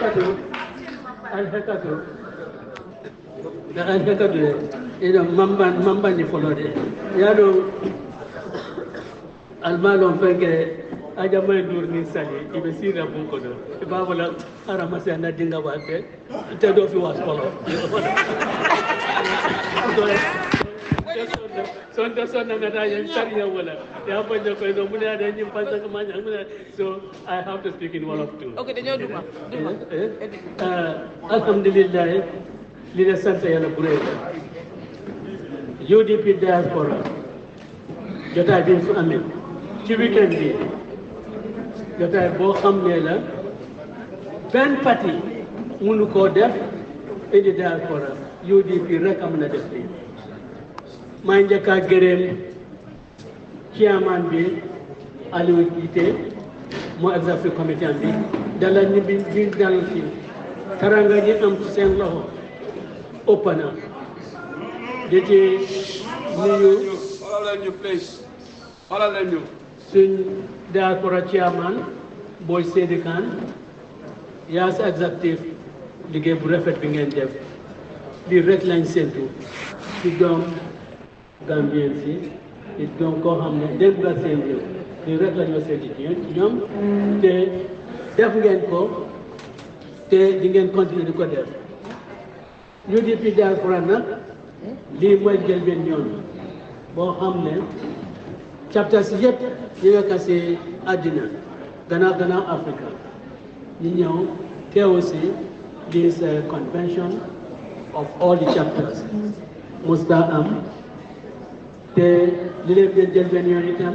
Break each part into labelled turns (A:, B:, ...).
A: hekatu an hekatu da an hekatu de
B: ina mamba mamba ni folo de yado almalon fenke ajama sali ibe sira bun ko do e babola ara masi anda dinga wa fe sonda sonda ngata yang cari wala ya do so i have to speak in wolof too okay dañu duma duma eh? Eh? Eh, alhamdulillah li la sante yalla bu reey UDP diaspora bi ci weekend bi jotaay boo xam la benn parti mënu koo def indi diaspora UDP rek am na def lii may njëkk a gërëm chairman bi Aliou Dite moo executive committee bi dalal ñu bi bi dalal fii taranga ji am ci seen loxo ëpp na nuyu xoolal ñu place xoolal ñu suñ daakora chairman booy Seydi Kane yaa sa executive liggéey bu rafet bi ngeen def di rek lañ séntu ci doom Gambien si it xam ne dégg nga seen rek la ñoo seeti ñoom te def ngeen ko te di ngeen continuer di ko def ñu di fi diaspora nag lii mooy njëlbeen ñoom boo xam ne chapters yëpp ñu nekk si àddina gannaaw gannaaw Afrique ñu ñëw teew si this uh, convention of all the chapters musta am te li leen di jëndee yoon itam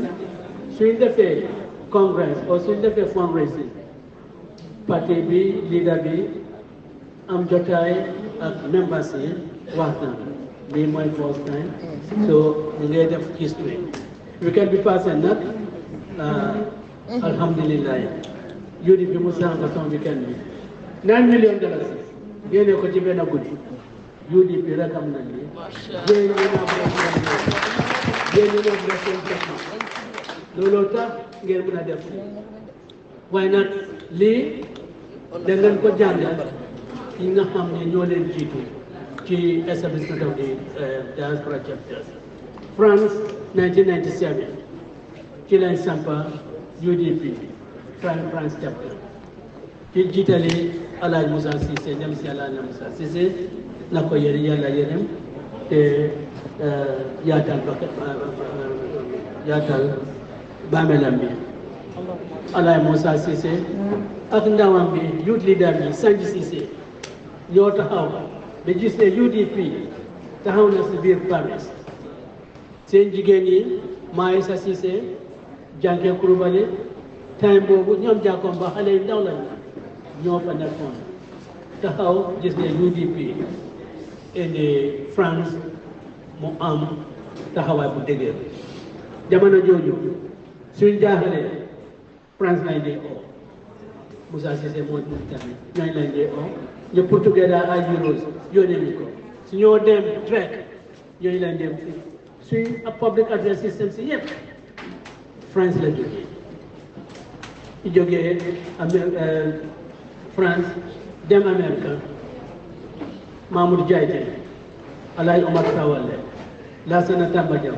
B: suñ defee congrès ou suñ defee fundraising party B, leader B, I'm just a member members yi waxtaan lii my first time so the ngi of history We can be weekend bi Alhamdulillah. You need to bi mu sànq son weekend bi nine million dollars You need to génne ko ci benn guddi yudi bi rek am na lii yéen ñoo doon def seen jëf ngeen mën def waaye nag lii da ko jàngal ñi nga xam ne ñoo leen jiitu ci establishment of the diaspora chapters France 1997 ci lañ sampa UDP Tribe France chapter ci jiitali Alaaji Moussa Cissé dem si Alaaji Moussa Cissé na ko yéen yàlla yërëm yaatal ba yaatal bàmmeelam bi Alaay Moussa ak ndawam bi youth leader bi Sanji Cissé ñoo taxaw ba gis ne UDP taxaw na si biir Paris seen jigéen yi Maïssa Cissé Janke Kurubale time boobu ñoom jàkkoon ba xale yu ndaw lañ ñoo fa nekkoon taxaw gis ne UDP et France mu am taxawaay bu dëgër jamono jooju suñ jaaxalee France lañ dee o Moussa Cissé mooy Mauritanie ñooñ lañ dee oo ñu portugais daal ay euros yónnee ñu ñoo dem trek ñooñu lañ dem suñ public address system si yëpp France la jógee ñu jógee euh, France dem Amérique Mamour Diaye Alaay Omar Sawale Lassana Tamba Diaw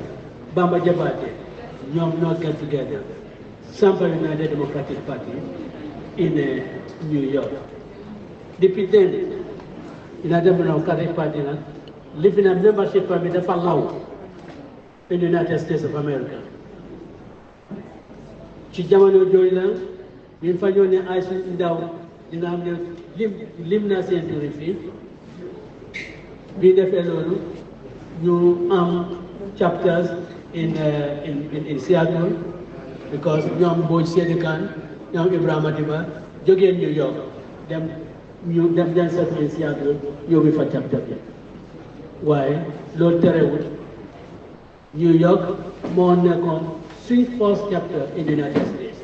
B: Bamba Jabaate ñoom ñoo get together na United Democratic Party in uh, New York. Depuis then, United Democratic Party nag li fi naan membership bi dafa law in United States of America ci jamono jooju la ñun fa ñoo ne ay suñu ndaw dina am ne lim lim Bir defa loolu ñu am chapters in in in Seattle because ñoom Mbodj Seydi Kane ñoom Ibrahima Diba jógee New York dem ñu dem dem seetlu Seattle yóbbu fa chapter bi waaye loolu terewul New York moo nekkoon suñ first chapter in the United States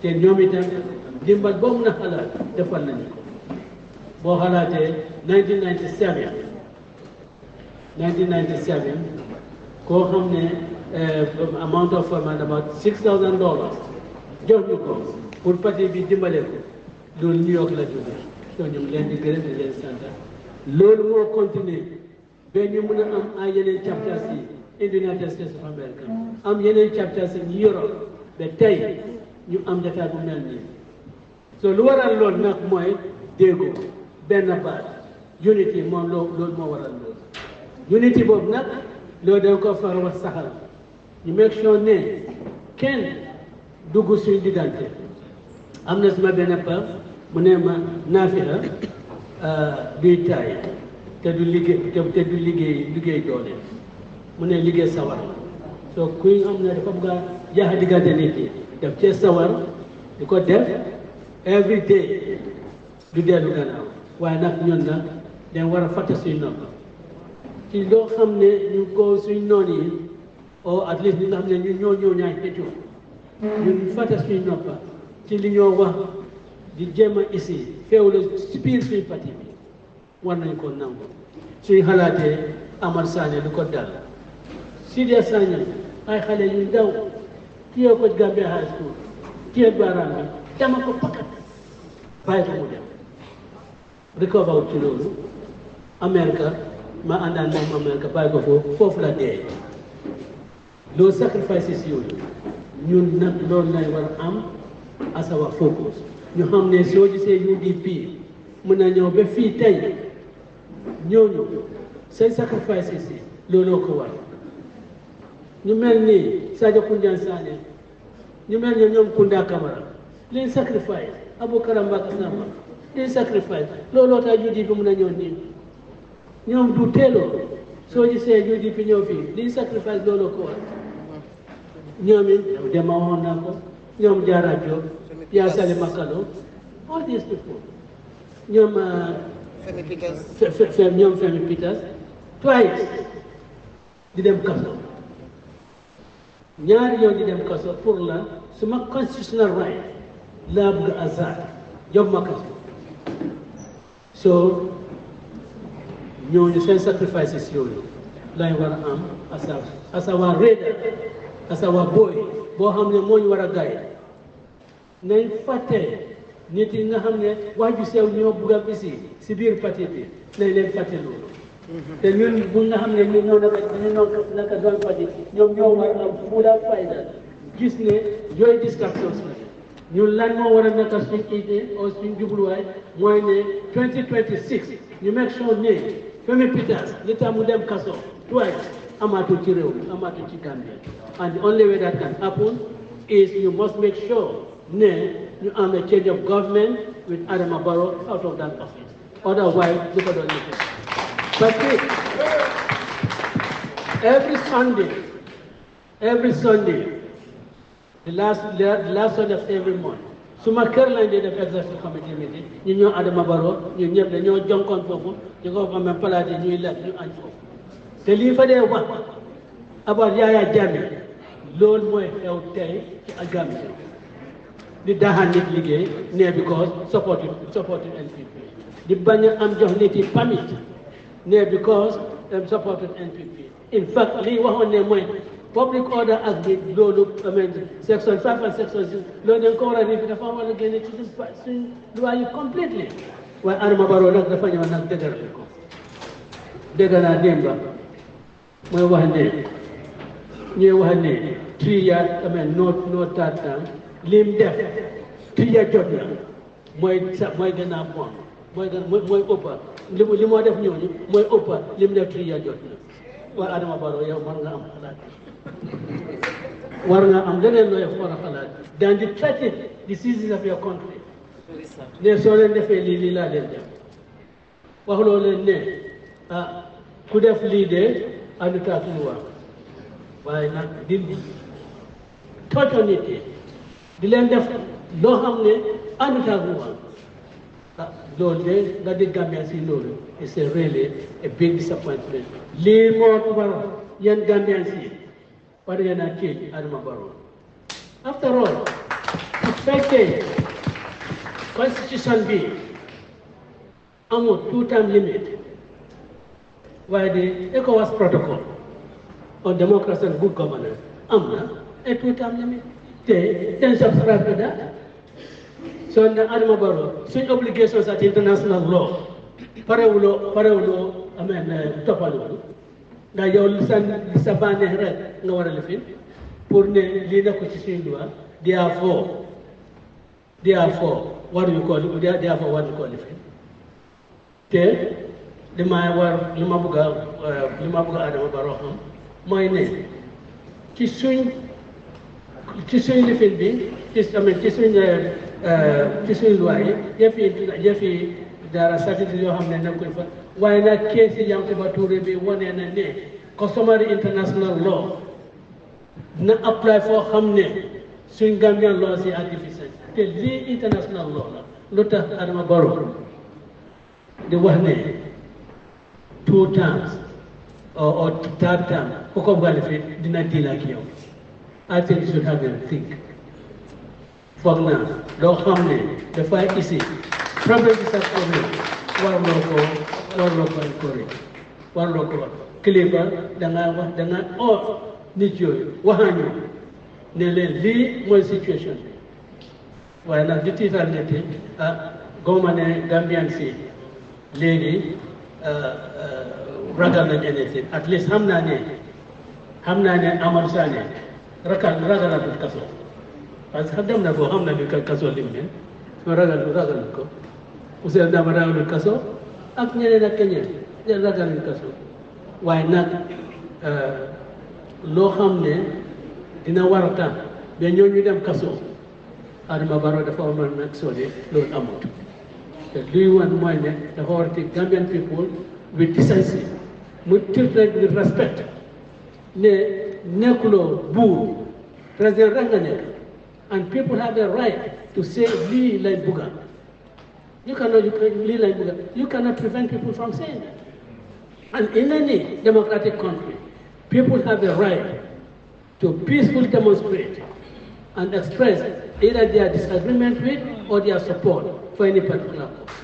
B: te ñoom itam dimbal boobu na xalaat defal nañu ko boo xalaatee 1997. 1997 koo xam ne eh, amount of about six thousand dollars jox ñu ko pour parti bi dimbale ko loolu New York la jógee soo ñu leen di gërëm di leen sant loolu continuer ba ñu mun am ay yeneen chapters yi in the United States of America am yeneen chapters yi Europe ba tey ñu am jataay bu mel nii so lu waral loolu nag mooy déggoo benn baat unity moom loolu moo waral loolu Unity boobu nag loolu dañ ko far wax saxal ñu make sure ne kenn dugg suñu diggante am na suma benn pa mu ne ma naafira ah, duy taay te du liggéey te du liggéey liggéey doole mu ne liggéey sawar soo kuy am na dafa bëgg a jaaxa diggante nit yi daf cee sawar di ko def every day du dellu gannaaw waaye nag ñun nag dañ war a fàtte suñu nopp ci loo xam ne ñu ko suñ noon yi or at least ñi nga xam ne ñun ñoo ñëw ñaay xëccoo ñun fàtte suñ noppa ci li ñoo wax di jéem a isi feew la biir suñ parti bi war nañ ko nangu suñ xalaatee Amar Sané lu ko dal Sidia Sané ay xale yu ndaw téye ko Gambia High School téye baaraam bi dama ko pakkat bàyyi ko mu dem recover ci loolu Amérique ma àndaan moom Amerika bàyyi ko foofu foofu la dee loolu sacrifices yooyu ñun nag loolu lay war a am asawa focus ñu xam ne soo gisee UDP mën na ñëw ba fii tey ñooñu say sacrifices yi looloo ko war ñu mel nii Sadio Kundian Sané ñu mel ni ñoom Kunda Kamara liy sacrifice Abu Karamba Kasamba liy sacrifice looloo tax UDP mën na ñëw nii ñoom du teeloo soo gisee ñu di fi ñëw fi liy sacrifice loolu ko war ñoom it dema ko ñoom Diarra Diop Yaa Sali Makalo all these people ñoom euh, ñoom Femi Peters twice di dem kaso ñaari yoon di dem kaso pour la suma constitutional right laa bëgg azad jox ma kaso so ñooñu seen sacrifices yooyu lay war am asa asawa
A: réeda
B: booy boo xam ne moo ñu war a gaay nañ fàtte nit yi nga xam ne waaju sew ñoo bugg a bisi si biir parti bi nañ leen fàtte loolu mhm. te ñun nga xam ne ñun ñoo naka ñu ñoo naka doon parti ñoom ñoo war a fuula fayda gis ne yooyu distractions la ñun lan moo war a naka suñ idée au suñ jubluwaay mooy ne 2026 ñu make sure ne Mimi Peters litamudem kaso twice. Amatu ci réew mi amatu ci Gambia and the only way that can happen is you must make sure ne you am a change of government with Adama Barrow out of that office otherwise look at the defee. But que every Sunday every Sunday the last the last Sunday of every month. suma kër lañ di def exercice comité midi ñu ñoo Adama Barrow ñu ñëpp dañoo jonkoon foofu ñu ko xam palaat yi ñuy lekk ñu añ foofu te lii fa dee wax about a Jammeh loolu mooy xew tey ci Gambia di daaxaan nit liggéey ne because supported supported NPP di bañ a am jox nit yi pamit ne because dem um, supported NPP in fact lii waxoon ne mooy Public Order Act bi loolu amee section 5 and section 6 loolu dañ ko war a réviser dafa war a génne ci suñ loi yi completely waaye Adama Barrow nag dafa ñëw nag dëgër bi ko dëgg naa démba mooy wax ne ñuy wax ne triyaat amee noo noo taat tam lim def triya jot na mooy sa mooy gën a bon mooy gën mooy ëppa li li moo def ñooñu mooy ëppa lim def triya jot na waaye Adama Barrow yow mën nga am xalaat warna am leneen looy war a xalaat dans the tragic diseases of your country ne soo leen defee lii lii laa leen def ne ah ku def lii de Why taatuñu wax waaye nag dindi tooco nit yi di leen def loo xam ne andu taatuñu wax ah loolu de nga it's a really a big disappointment lii moo waral yéen Gambien eh? si what can I achieve at Mabarone? After all, respecting Constitution B, I'm a 2 time limit by the ECOWAS Protocol on Democracy and Good Governance. I'm a 2 time limit. They can subscribe to that. So the Admabaro, such obligations at international law, parewulo, parewulo, I mean, topalwalo, na yawlisan lisabane red, nga war a lifin pour ne lii nekkul ci suñu loi therefore therefore waruñu koo therefore waruñu koo lifin te li ma war li ma bëgg uh, uh, uh, a li ma bëgg a Adama Barrow xam mooy ne ci suñ ci suñ lifin bi ci tamit ci suñ ci suñ loi yi yëpp yi yëpp yi dara certitude yoo xam ne nekkuñ fa waaye nag kees yi yam ti ba tuure bi wane na ne customary international law na apply foo xam ne suñ Gambian law si artificial te lii international la lu tax Adama Barrow di wax ne two terms or third term ku ko dina deal ak yow I think you should have a think foog naa loo xam ne dafay isi problème bi sa problème warloo ko warloo ko encourage warloo ko wax kilifa da ngaa wax da ngaa nit yooyu wax nañu ne leen lii mooy situation bi waaye nag di tiital nit yi ah gooma ne ah, ah, ragal na ñeneen si at least xam naa ne xam naa ne Amadou Sané ragal ragal na du kaso parce que dem na ko na ni kaso lim ne ragal ragal ko Ousainou kaso ak ñeneen ak ñeneen ñeneen ragalul kaso waaye nag ah, loo xam ne dina war a tax ñoo ñu dem kaso Adama Barrow dafa amoon nag soodee loolu amut te luy wan mooy ne dafa war ci Gambian people with decency mu treat with respect ne nekkuloo buur président rek nga nekk and people have a right to say li lay buga you cannot lii lay bugga you cannot prevent people from saying that and in any democratic country people have the right to peacefully demonstrate and express either their disagreement with or their support for any particular cause.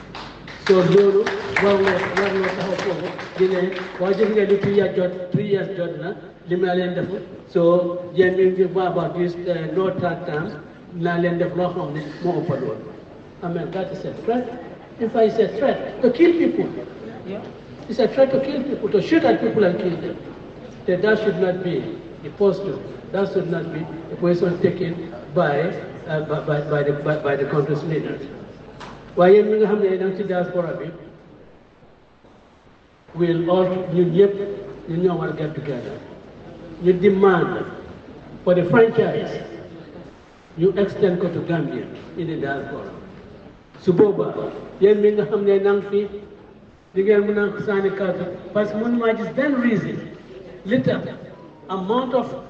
B: So lolu warlo warlo taxaw foofu di ne waa jëf ngeen di three years three years jot na li ma leen def so yéen ñu ngi wax about this no third term naa leen def loo xam ne moo ëpp loolu. I mean that is a threat. In fact, it's a threat to kill people. It's a threat to kill people, to shoot at people and kill them that that should not be the posture. That should not be a position taken by, uh, by, by, by, the, by, by the country's leaders. waaye yéen ñi nga xam ne diaspora bi will all you ñëpp ñu ñoo get together You demand for the franchise You extend to Gambia in the diaspora su boobaa yéen mi nga xam ne na nga fi di ngeen mën a sànni kàddu reason little amount of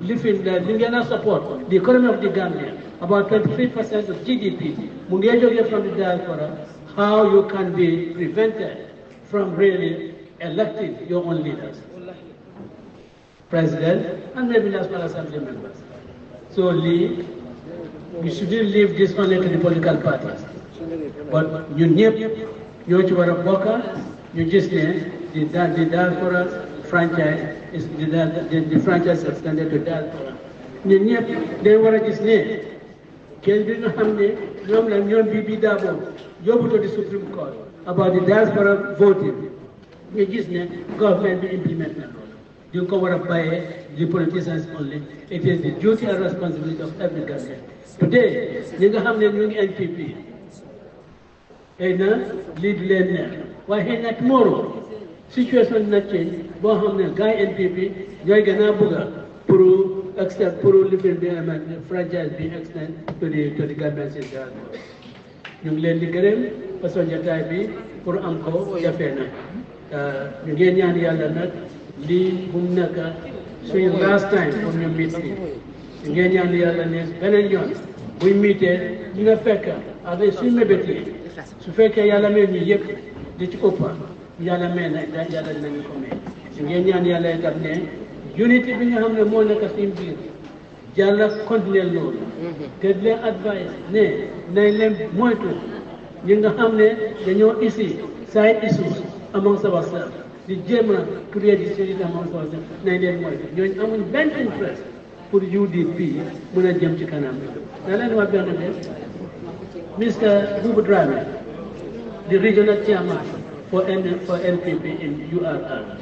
B: living the Lingana support, the economy of the Gambia, about 23% of GDP, Mungejoge from the diaspora, how you can be prevented from really electing your own leaders, president, and maybe national assembly members. So Lee, we shouldn't leave this only to the political parties. But you need you to work, you just need the diaspora franchise is the, franchise extended to that ni ni den wara gis ni kel bi nga xamne ñom la ñom bi bi dabo yobuto di supreme court about the diaspora voting ni gis ni government bi implement na kan. di ko wara baye di politicians only it is the duty and responsibility of every government today ni nga xamne ñu ngi npp ay na lead len na way hen ak moro situation boo xam ne Gay NPP ñooy gën a bëgg a pour extend pour libérer bi franchise bi extend to the to the Gambian Central ñu ngi leen di gërëm façon jotaay bi pour am ko jafee na ñu ngeen ñaan last time pour ñu meet yi ñu ngeen ñaan yàlla ne beneen yoon buñ miitee ñu nga fekk avec suñu mébét su fekkee yàlla mel ñu di ci ëppa yàlla may na yàlla nañu ko may ngeen ñaan yàlla itam ne unité bi nga xam ne moo nekk suñu biir yàlla continuer loolu mm-hmm. te di leen advice ne nañ leen moytu ñi nga xam ne dañoo isi side issues among ourselves di jéem a créer di seen among ourselves nañ leen moytu ñooñu amuñ benn interest pour UDP mën a jëm ci kanam na leen wax benn
A: bés Mr Boubou Dramé
B: di regional chairman for, N, for NPP and URR.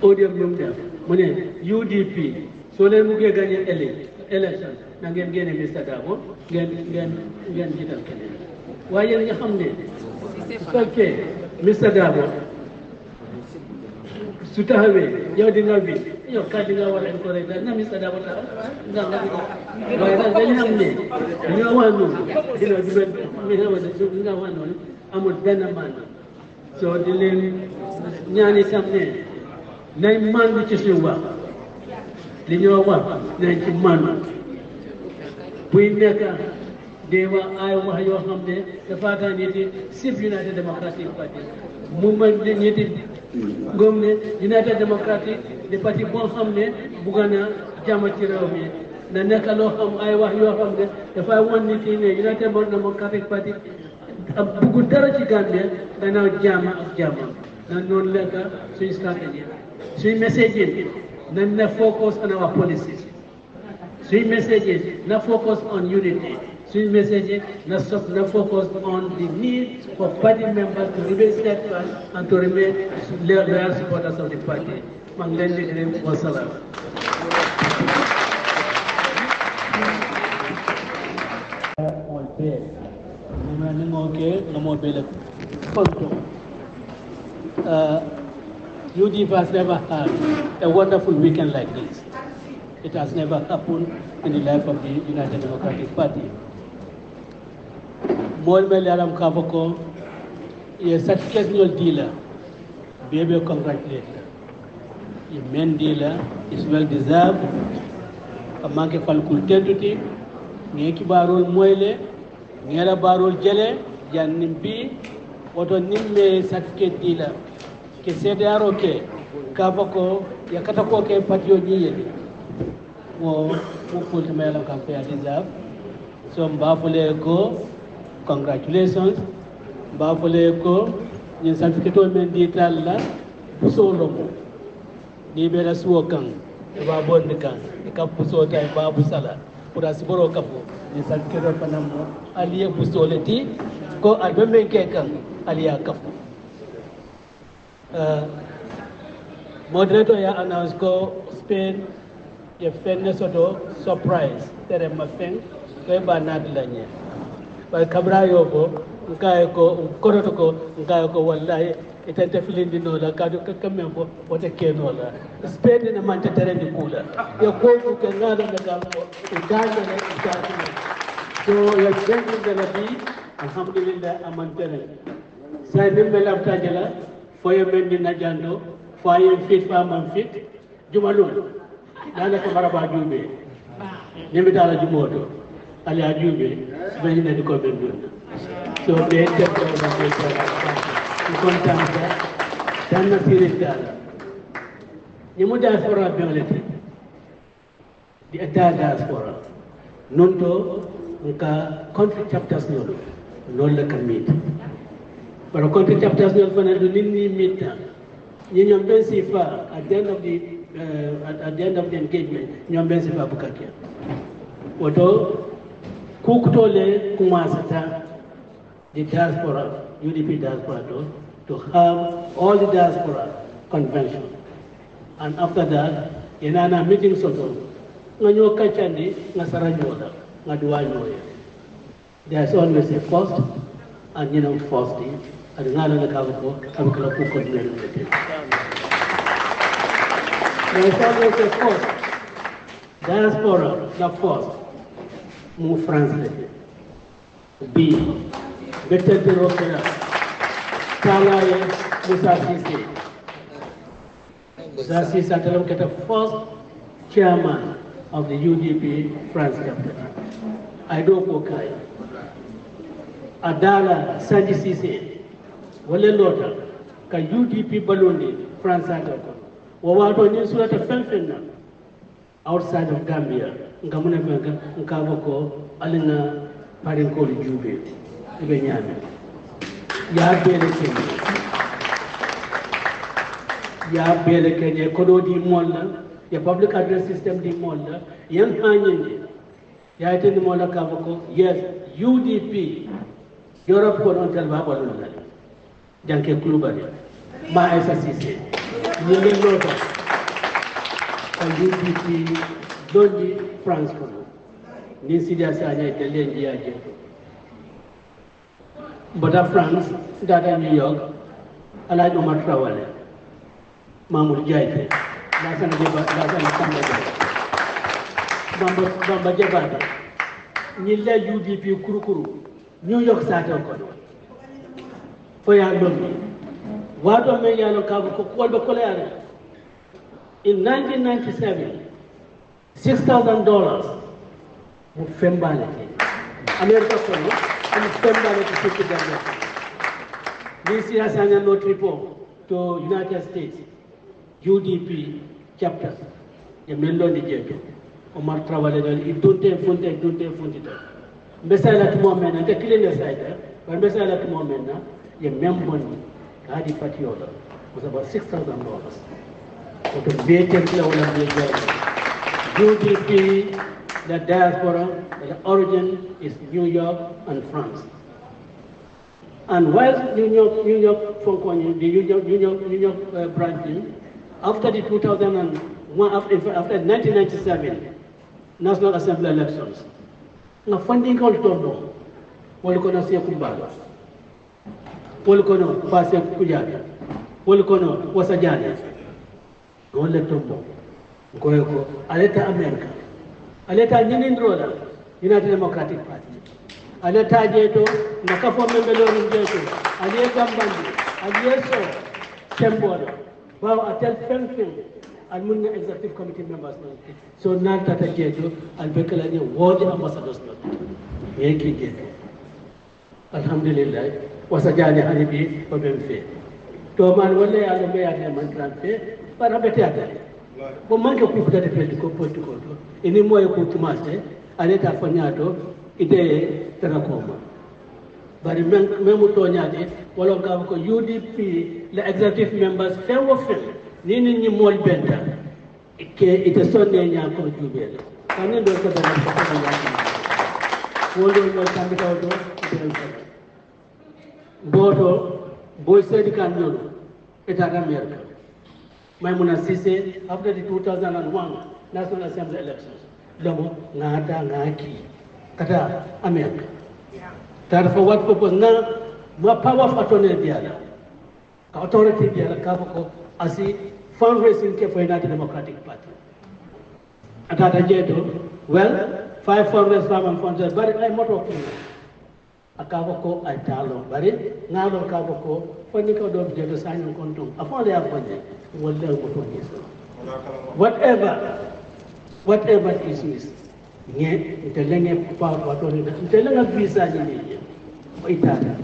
B: ODM Yungtel, Mune, UDP, so leen buggee gagné éli élection na ngeen génne Mr Dabo ngeen ngeen ngeen jiital keneen waaye yéen nga xam ne su fekkee Mr Dabo su taxawee yow di nga bi yow kat di nga war a encourage daal na Mr Dabo taxaw nga nga waaye nag dañ xam ne li nga wax noonu dina benn mi soo di leen ñaan itam ne nañ màndu ci suñu wax li ñoo wax nañ ci màndu buy nekk day wax ay wax yoo xam ne dafa tax ñi di sif United Democratic Party mu mën ñi di gëm United Democratic di parti boo xam ne bugg na jàmm ci réew mi na nekk loo xam ay wax yoo xam ne dafay wan nit yi ne United Democratic Party bu dara ci Gambia gannaaw jàmm ak jàmm na noonu la ka suñu stratégie suñu message yi nañ focus on our policies suñu message yi focus on unity suñu message yi focus on the need for party members to remain steadfast and to remain loyal supporters of the party maa ngi leen di gërëm wasalaam ನಿಮಗೆ ನಮ್ಮ ಬೆಲೆ ಬಂತು UDF has never had a wonderful weekend like this. It has never happened in the life of the United Democratic Party. Mohamed Aram Kavoko is a successful dealer. Baby, congratulate A main dealer is well deserved. Among a falcul tentative, Neki Barul Moile, ngela barol jele jannin bi woto nimme certificate dila ke seedeyaro ke kafa ko yakkata ko ke patio ñiyeli mo mo pultimayala kam fe a désave so mbafole ko congratulations mbafole ko ñin certificate o men ndital la pusolo ni ɓeɗa suwo kan e bonde kan e kam pusota e babu sala urasiboro kafu nisankiro panamo aliye busoleti ko albeme keka aliya kafu uh, moderator ya announce ko spain ye fenne do surprise tere mafen ko ba nadlanye ba kabra yobo nkaye ko koroto ko nkaye ko wallahi itanta filindi nola kadu kakamem bo wata kenola spade na manta tarani kula ya kofu kangala na gambo ikanya na ikanya so ya jengi da nabi alhamdulillah amantana sai nim melam tajala foye mendi na jando foye fit fa man fit jumalul dana ko maraba jube nimbi dala jumodo ala jube bayina ko ben so be tabba na ko di kontaan daan na fiirin daala ni mu diaspora beŋle ti di daa diaspora nun to nka conflict chapters ñool noonu la ka miit bara conflict chapters ñool fana du nit ñi miit tan ñi ñoom ben si fa at the end of the uh, at, at the end of the engagement ñoom ben si fa bu kakkiya woto kukuto le kumasata di diaspora UDP diaspora to to have all the diaspora convention. And after that, in inana meeting soto, nganyo kachandi, ngasaranyoda, ngaduwanyoya. There's always a first, and you know, first thing, and ngana na kavuko, kamikala kuko meeting. There's always a first. Diaspora, the first. move France, B. Better to rock Kalaye Musa Sisi. Musa the first chairman of the UDP France capital. Aido Kokai. Adala Sanji Sisi. Wale lota ka UDP Balundi France atako. Wawato ni sura ta fenfenna outside of Gambia. Ngamuna kwa nkavoko alina parinkoli jube. Ibe nyame. yaabbeelekeen yaabbeelekeen ye kodoo diimmolla ye public address system diimmolla yen haañinde yaytindi moola kaaba ko yes udp europe ko ɗon tel baa ɓalulla janke kulubane ma aysa sise ñimilloota ko udp donji france kono ndin sidia saña e delle en jiya jeeto Bota France, data New York, Alay Omar Trawale, Mamoud Diaye, Lassane Diaba, Lassane Samba Diaye, Bamba, Bamba Diaba, Nila UDP Kuru Kuru, New York Sato Kono, Foya Lomi, Wado Menya Lokabu Kukwalba Kolera, In 1997, $6,000 would fembalate. America Kono, and spend money to note report to United States UDP chapters yamendo nijeto omar travalero idunte funte idunte funte to mbesala tumo mena te kile ne saida ban mbesala tumo mena ye membon hadi patiola was about 6000 dollars so to be taken la wala be UDP, the diaspora, the origin is New York and France. And while New York, New York, the New York, New York, New York uh, branch, after the 2001, after, after 1997 National Assembly elections, the funding all tondo, walikuwa to siya kumbala, walikuwa na pasi ya kujaja, walikuwa na wasajani, wale tondo. goyko aleta america aleta ñinindroɗa united democratic party aleta jeeto nde kafo men ɓe lorin jeeto aliye gambandi aliye so semboɗo wawa a tel fen fen almunna executive committee members non so nantata jeeto alɓe kalani woodi ambassadeurs non yeyki jeeto alhamdulillah wasa jaani hani ɓi oɓen fee to man walla yaalo mbeyate man tran fee ɓaɗa ɓeteyatale bon manke ku fudade fedde ko politique o to ini moye ko tumase aleta fañato ide tanakoma bari men memu toñade walo gam ko UDP le executive members fen wo fen ni ni ni mol benta ke ite sonne nya ko jubel tanen do ko dana ko dana ya ko wolo mo tambi taw do boto boy sedikan yo eta ga merka Maimuna Sise after the 2001 National Assembly elections. Lomo ngata ngaki kada amek. Therefore, what purpose na ma power of attorney biara authority biara kapo ko asi fundraising ke for United Democratic Party. Atata jeto well five fundraisers and fundraisers bari ay moto ko akapo ko ay talo bari ngalo kapo ko fani ko do jeto sanyo kontum afon le afon jeto والله وفون ya whatever whatever is missed nye intelenge kupa watoni na intelenge visa ni nye itada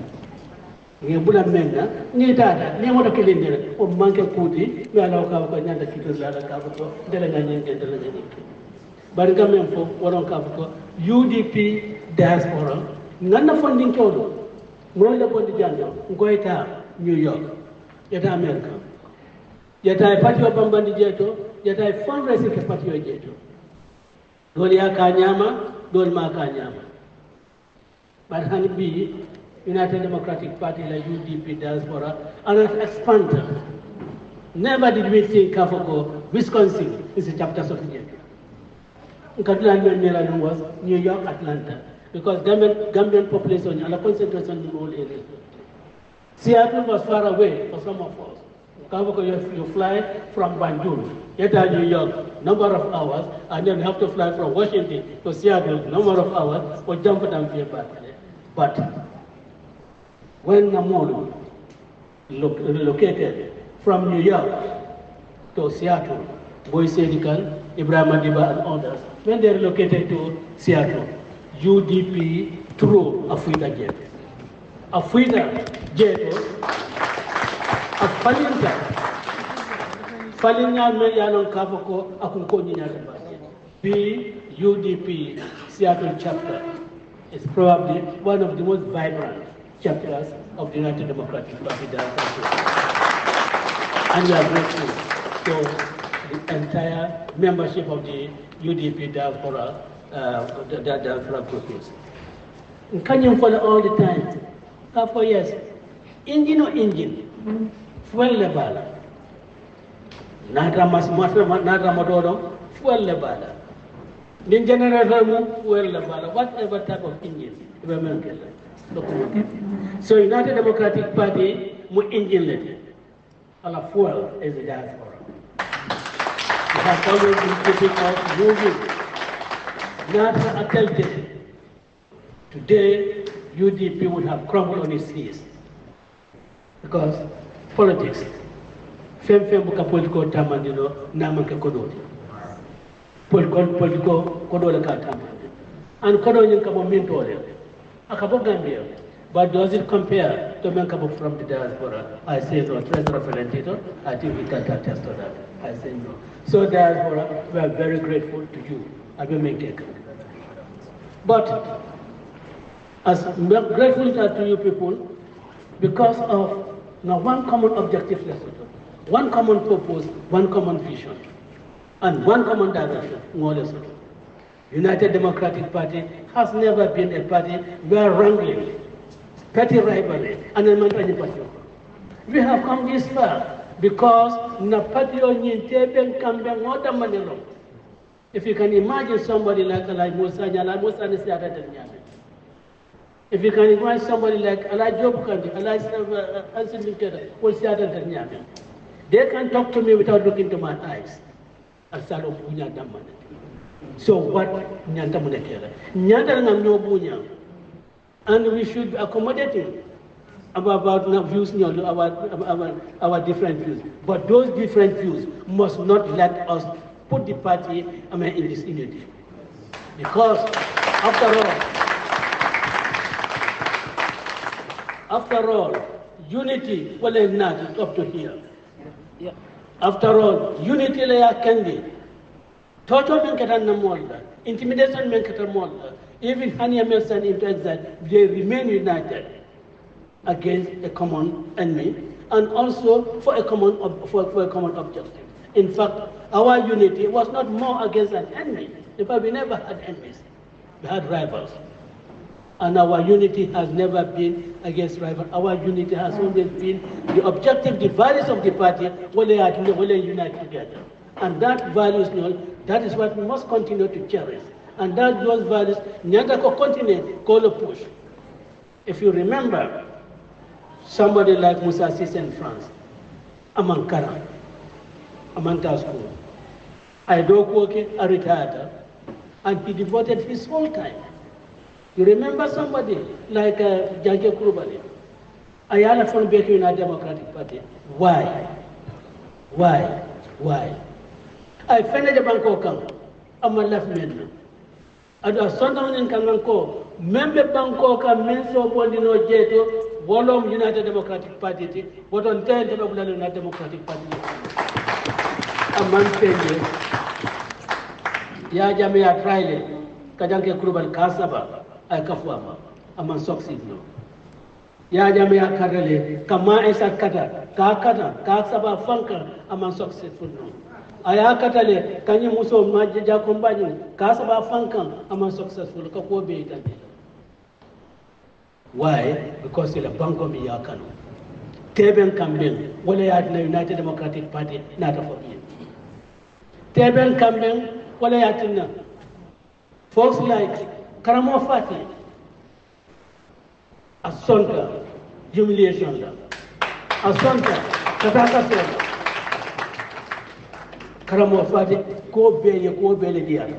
B: nye bulan menda nye itada nye wana kilindere o oh, manke kudi nye ala waka waka nyanda kitu zara kabuto intelenge nye nye intelenge nye barika menfo wana kabuto UDP diaspora nana funding kyo do nye wana kondi janyo nye ita New York ita Amerika yataepatiwa pambandi jeeto yatae fundraising ke patiyo jeeto dool ya ka ñaama dool ma ka ñaama bar united democratic party la udp diaspora it expands. never did we think of wisconsin is a chapter of jeeto nkatulan men nera dum was new york atlanta because gambian, gambian population ala concentration in all areas seattle was far away for some of us you fly from Banjul, get to New York, number of hours, and then have to fly from Washington to Seattle, number of hours, or jump down here back. But when Namoru relocated from New York to Seattle, Boise Dikan, Ibrahim Adiba, and others, when they relocated to Seattle, UDP threw Afuida Jet. Afuida Jet ak falinta falinya me yalon kafa ko akun ko ni ba bi UDP Seattle chapter is probably one of the most vibrant chapters of the United Democratic Party and we are grateful to the entire membership of the UDP diaspora uh, the, the diaspora groups. Can you follow all the time? Kafa uh, yes, engine or engine. Mm -hmm fuel le bala nata mas nata motodo fuel le bala ni generator mu fuel le bala whatever type of engine ibe men kala document so united democratic party mu engine le ala fuel is the for diaspora it has always been keeping us moving nata attempted today UDP would have crumbled on its knees because politics fen fen buka politiko tamandi no namanke kodoti politiko politiko kodole ka tamandi an kodo nyin kamo min tole aka bo gambia but does it compare to men kamo from the diaspora i say no treasurer felentito i think we can attest to that i say no so diaspora we are very grateful to you abe men keke but as grateful to you people because of now, one common objective, one common purpose, one common vision, and one common direction, more United Democratic Party has never been a party where wrangling, petty rivalry, and a party. We have come this far because na ni onyintebe kambe ngoda If you can imagine somebody like like Musa Nyala, Musa Nisiaga Tenyame, if you can invite somebody like Elijah Job Kandi, Elijah Ansilikera, Wosiada Tanyami, they can talk to me without looking to my eyes. Asalo Bunya So what Nyantamuna Kera? Nyantanam no Bunya. And we should accommodate him about, about views, our, our, our different views. But those different views must not let us put the party I mean, in Because, after all, After all, unity well is not, it's up to here. After all, unity laya kandi. Torture men katan na molda, intimidation men katan molda, even Hania men into exile, they remain united against a common enemy and also for a common, for, for a common objective. In fact, our unity was not more against an enemy, because we never had enemies, we had rivals and our unity has never been against rival. Our unity has always been the objective, the values of the party, when they are unite together. And that values, that is what we must continue to cherish. And that those values, Nyandako continent, call a push. If you remember, somebody like Musa Sisse in France, Amankara, Amanta School, work a retired, and he devoted his whole time You remember somebody like uh, Janje Kurubali? Ayana from Betu in a Democratic Party. Why? Why? Why? I fended the bank kam I'm a left man. I do something in Kanganko. Member means Bangkok and Minso Bondino Jeto, Wolom United Democratic Party, what on 10th of the United Democratic Party. A month pending. Ya Jamia Friday, Kajanke Kurubal Kasaba. ay kafuama aman soxid no ya jam ya karale kama isa kata ka kata ka saba fanka aman soxid no aya katale kanyi muso majja kombanyi ka saba fanka aman successful ka ko be ta why because ila bango mi ya kanu teben kamben wala ya na united democratic party na ta fobi teben kamben wala ya tinna folks like Karamo Fati, Asanta, humiliation, Asanta, Kataka Sena, Karamo Fati, Ko Bele, go Bele Diana.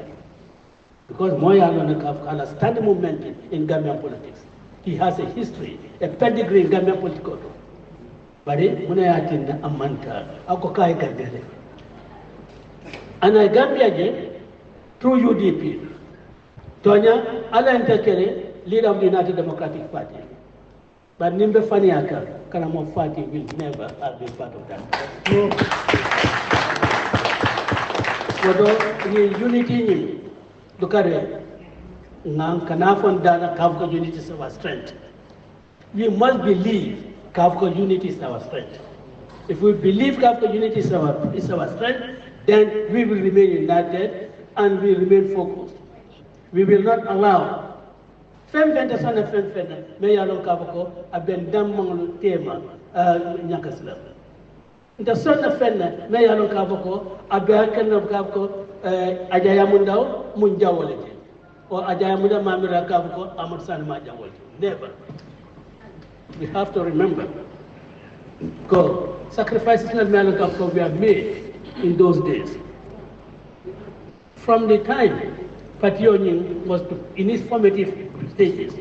B: Because Moyano a standing moment in Gambian politics. He has a history, a pedigree in Gambian political. Bari muna yakin da amanta ako kai I Ana Gambia je through UDP tonya ala inta kere leader of the United Democratic Party. But Nimbe Faniaka, Kanamo Party will never have been part of that. No. Wado ni unity ni dukare ngang kanafon dana Kavko unity is our strength. We must believe kafka unity is our strength. If we believe kafka unity is our, is our strength, then we will remain united and we remain focused. We will not allow fem fen ta sana fen fen me ya lon ka ko aben dam manglu tema nyaka sila nta sana fen me ya lon ka ko abe kan lon ka ko ajaya mun daw mun jawole o ajaya mun ma mi ra ka ko amar san ma jawole never we have to remember Go. sacrifices that me ya lon ka ko we have made in those days from the time Pationi was in its formative stages.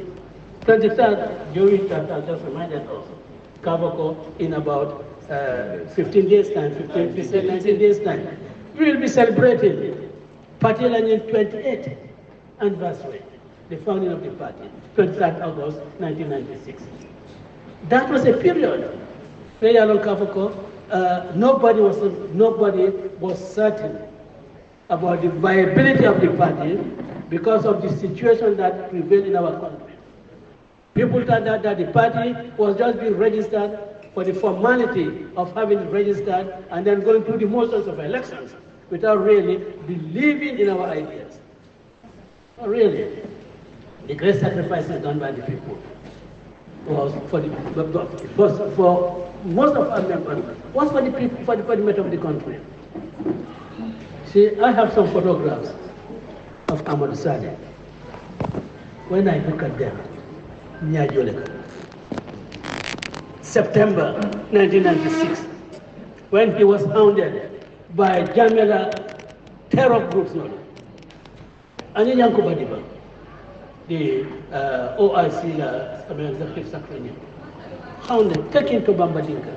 B: 23rd, Joey Tata just reminded us, Kavoko in about uh, 15 days time, 15, 15, 19 days time. We will be celebrating Pationi 28th anniversary, the founding of the party, 23rd August 1996. That was a period where Yalon Kavoko, uh, nobody was nobody was certain about the viability of the party because of the situation that prevailed in our country. People thought that, that the party was just being registered for the formality of having registered and then going through the motions of elections without really believing in our ideas. Not really. The great sacrifices done by the people was for the was for most of our members was for the people for the betterment of the country. See, I have some photographs of Ahmad Saleh. When I look at them, Nyajoleka. September 1996, when he was founded by Jamila terror groups, and Ani Yankubadiba, the uh, OIC, uh, the executive secretary, took taken to Bambadinka,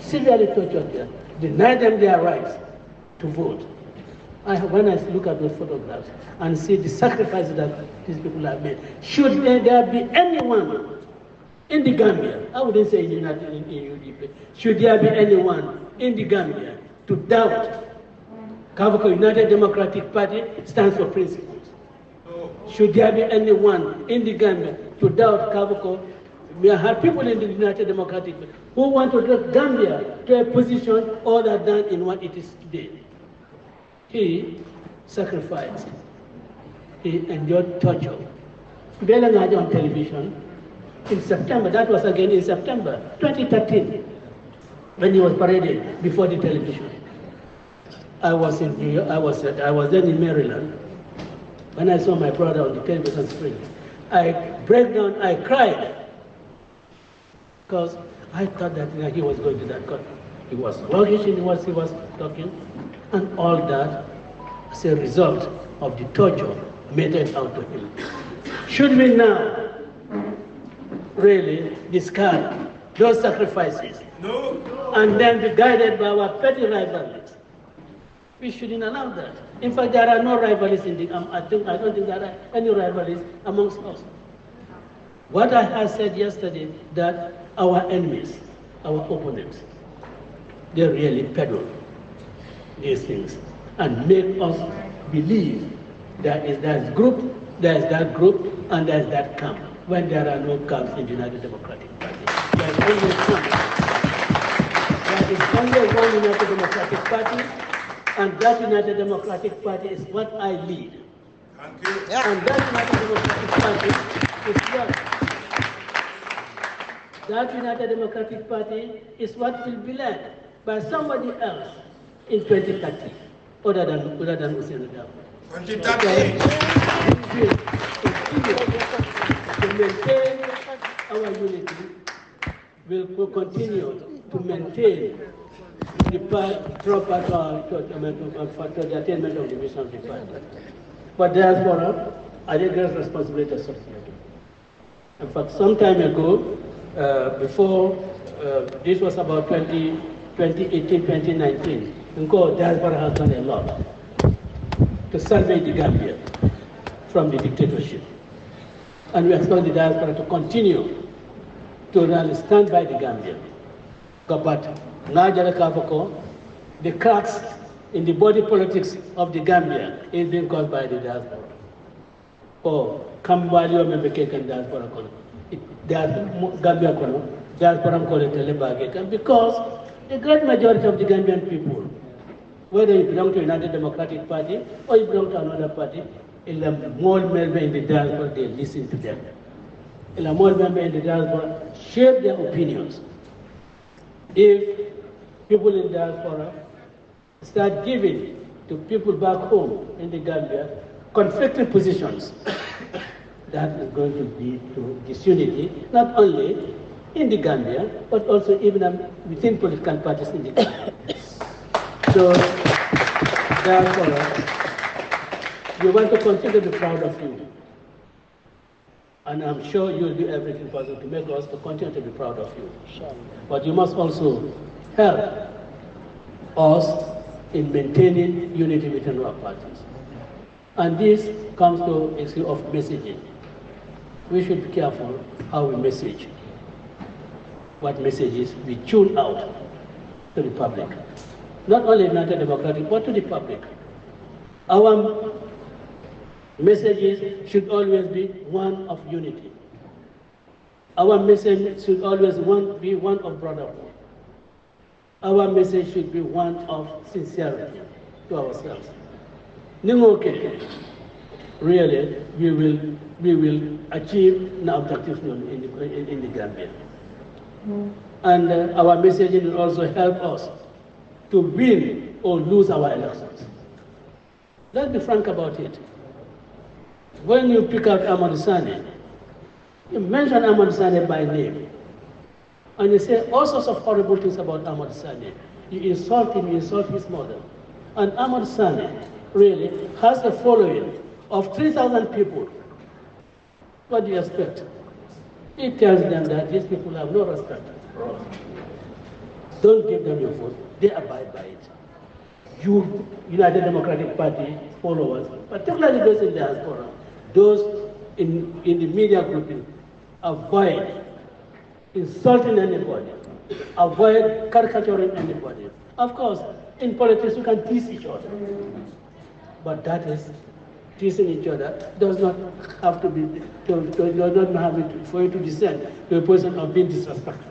B: severely tortured them, denied them their rights, to vote. I, when I look at those photographs and see the sacrifices that these people have made, should there be anyone in the Gambia, I wouldn't say in the United in, in UDP, should there be anyone in the Gambia to doubt Kavoko United Democratic Party stands for principles? Should there be anyone in the Gambia to doubt Kavoko? We have people in the United Democratic Party who want to take Gambia to a position other than in what it is today. He sacrificed. He endured torture. Belangaj on television in September, that was again in September 2013, when he was paraded before the television. I was in New York, I was, at, I was then in Maryland. When I saw my brother on the television screen, I broke down, I cried. Because I thought that you know, he was going to that court. He was sluggish he was, he was talking and all that as a result of the torture meted out to him. Should we now really discard those sacrifices
A: no.
B: and then be guided by our petty rivalries? We shouldn't allow that. In fact, there are no rivalries in the. Um, I think I don't think there are any rivalries amongst us. What I said yesterday that our enemies, our opponents, they are really peddlers these things and make us believe there is that group, there is that group, and there is that camp, when there are no camps in the United Democratic Party. There is only one. There is only one United Democratic Party, and that United Democratic Party is what I lead. Thank you.
A: Yeah. And that United Democratic Party is what
B: that United Democratic Party is what will be led by somebody else in 2030, other than, other than Usain Adabu. 2030. To maintain our unity, we will continue to maintain the proper for the attainment of the mission of the party. But therefore, I a great responsibility associated. In fact, some time ago, uh, before uh, this was about 20, 2018, 2019, Nko diaspora has done a lot to salvage the Gambia from the dictatorship. And we expect the diaspora to continue to really stand by the Gambia. But Nigeria Kaboko, the cracks in the body politics of the Gambia is being caused by the diaspora. Or Kambali or Mebekekan diaspora kono. Gambia diaspora kono telebage. Because the great majority of the Gambian people whether you belong to United Democratic Party or you belong to another party, the more members in the diaspora, they listen to them. the more members in the diaspora shape their opinions. If people in diaspora start giving to people back home in the Gambia conflicting positions, that is going to lead to disunity, not only in the Gambia, but also even um, within political parties in the Gambia. so Therefore, you want to continue to be proud of you. And I'm sure you'll do everything possible to make us to continue to be proud of you. But you must also help us in maintaining unity within our parties. And this comes to issue of messaging. We should be careful how we message, what messages we tune out to the public not only United Democratic, but to the public. Our messages should always be one of unity. Our message should always one, be one of brotherhood. Our message should be one of sincerity to ourselves. Ningoke, really, we will, we will achieve the objective in, in, in the Gambia. Mm. And uh, our messaging will also help us to win or lose our elections. Let's be frank about it. When you pick out Ahmad Sani, you mention Ahmad Sani by name, and you say all sorts of horrible things about Ahmad Sani. You insult him, you insult his mother. And Ahmad Sani really has a following of 3,000 people. What do you expect? He tells them that these people have no respect. Don't give them your vote they abide by it. You, United Democratic Party followers, particularly those in the diaspora, those in, in the media grouping, avoid insulting anybody, avoid caricaturing anybody. Of course, in politics we can tease each other, but that is teasing each other does not have to be to, to, does not have it for you to descend to a person of being disrespectful.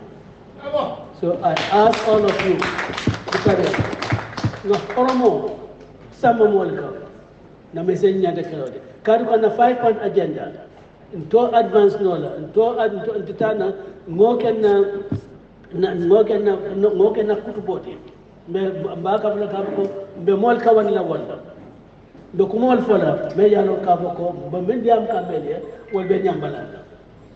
B: So I ask all of you kare oromo sama molka na mesenya de kare kadu kana five point agenda nto advance nola nto nto ntitana ngoken na na ngoken na ngoken na kutubote me mbaka fula kabako be molka wan la wanda be kumol fola me yalo kabako be mendiam kamele wal be nyambala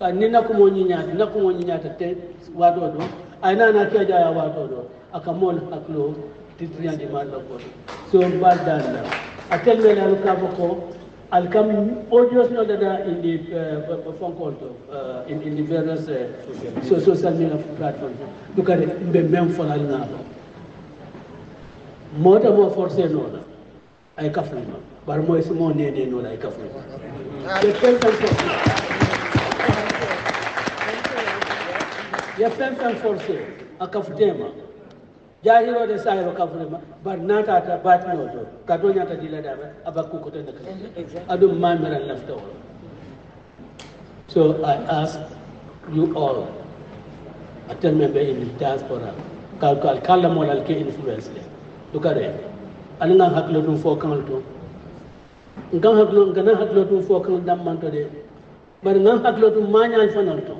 B: Ah, ni nakumo ñiñaata nakumo ñiñaata te waatoo ɗo ay ah, nana keeƴaya waatoo ɗo aka ah, moon hakkilo titriyandi ma ɗoggoto so mbal danda a telmen alu kaafo ko al kam audiosno dada indi eh, fonkol to eh, indi various eh, so social media platform ɗu kadi mbe men fonal ngaako moota mo forcé noona ay kafrima ɓar moy simo nenenoona ay kafrima
A: ɓe
B: ye fɛn forse forcé a kafutema jahiro de sayiro kafutema bar natata batino do ka do ñata dila daɓe aba kukote dek aɗum mamiran lafta o so i ask you all a termeɓe in diaspora kalkal kala molal ke influence le dukare aɗa gan hakkilo ɗum fo kan to gan hakkilo gana hakkilo ɗum fo to de. మరి నన్ను హక్కులోతు మాన్యాల్సి అని అర్థం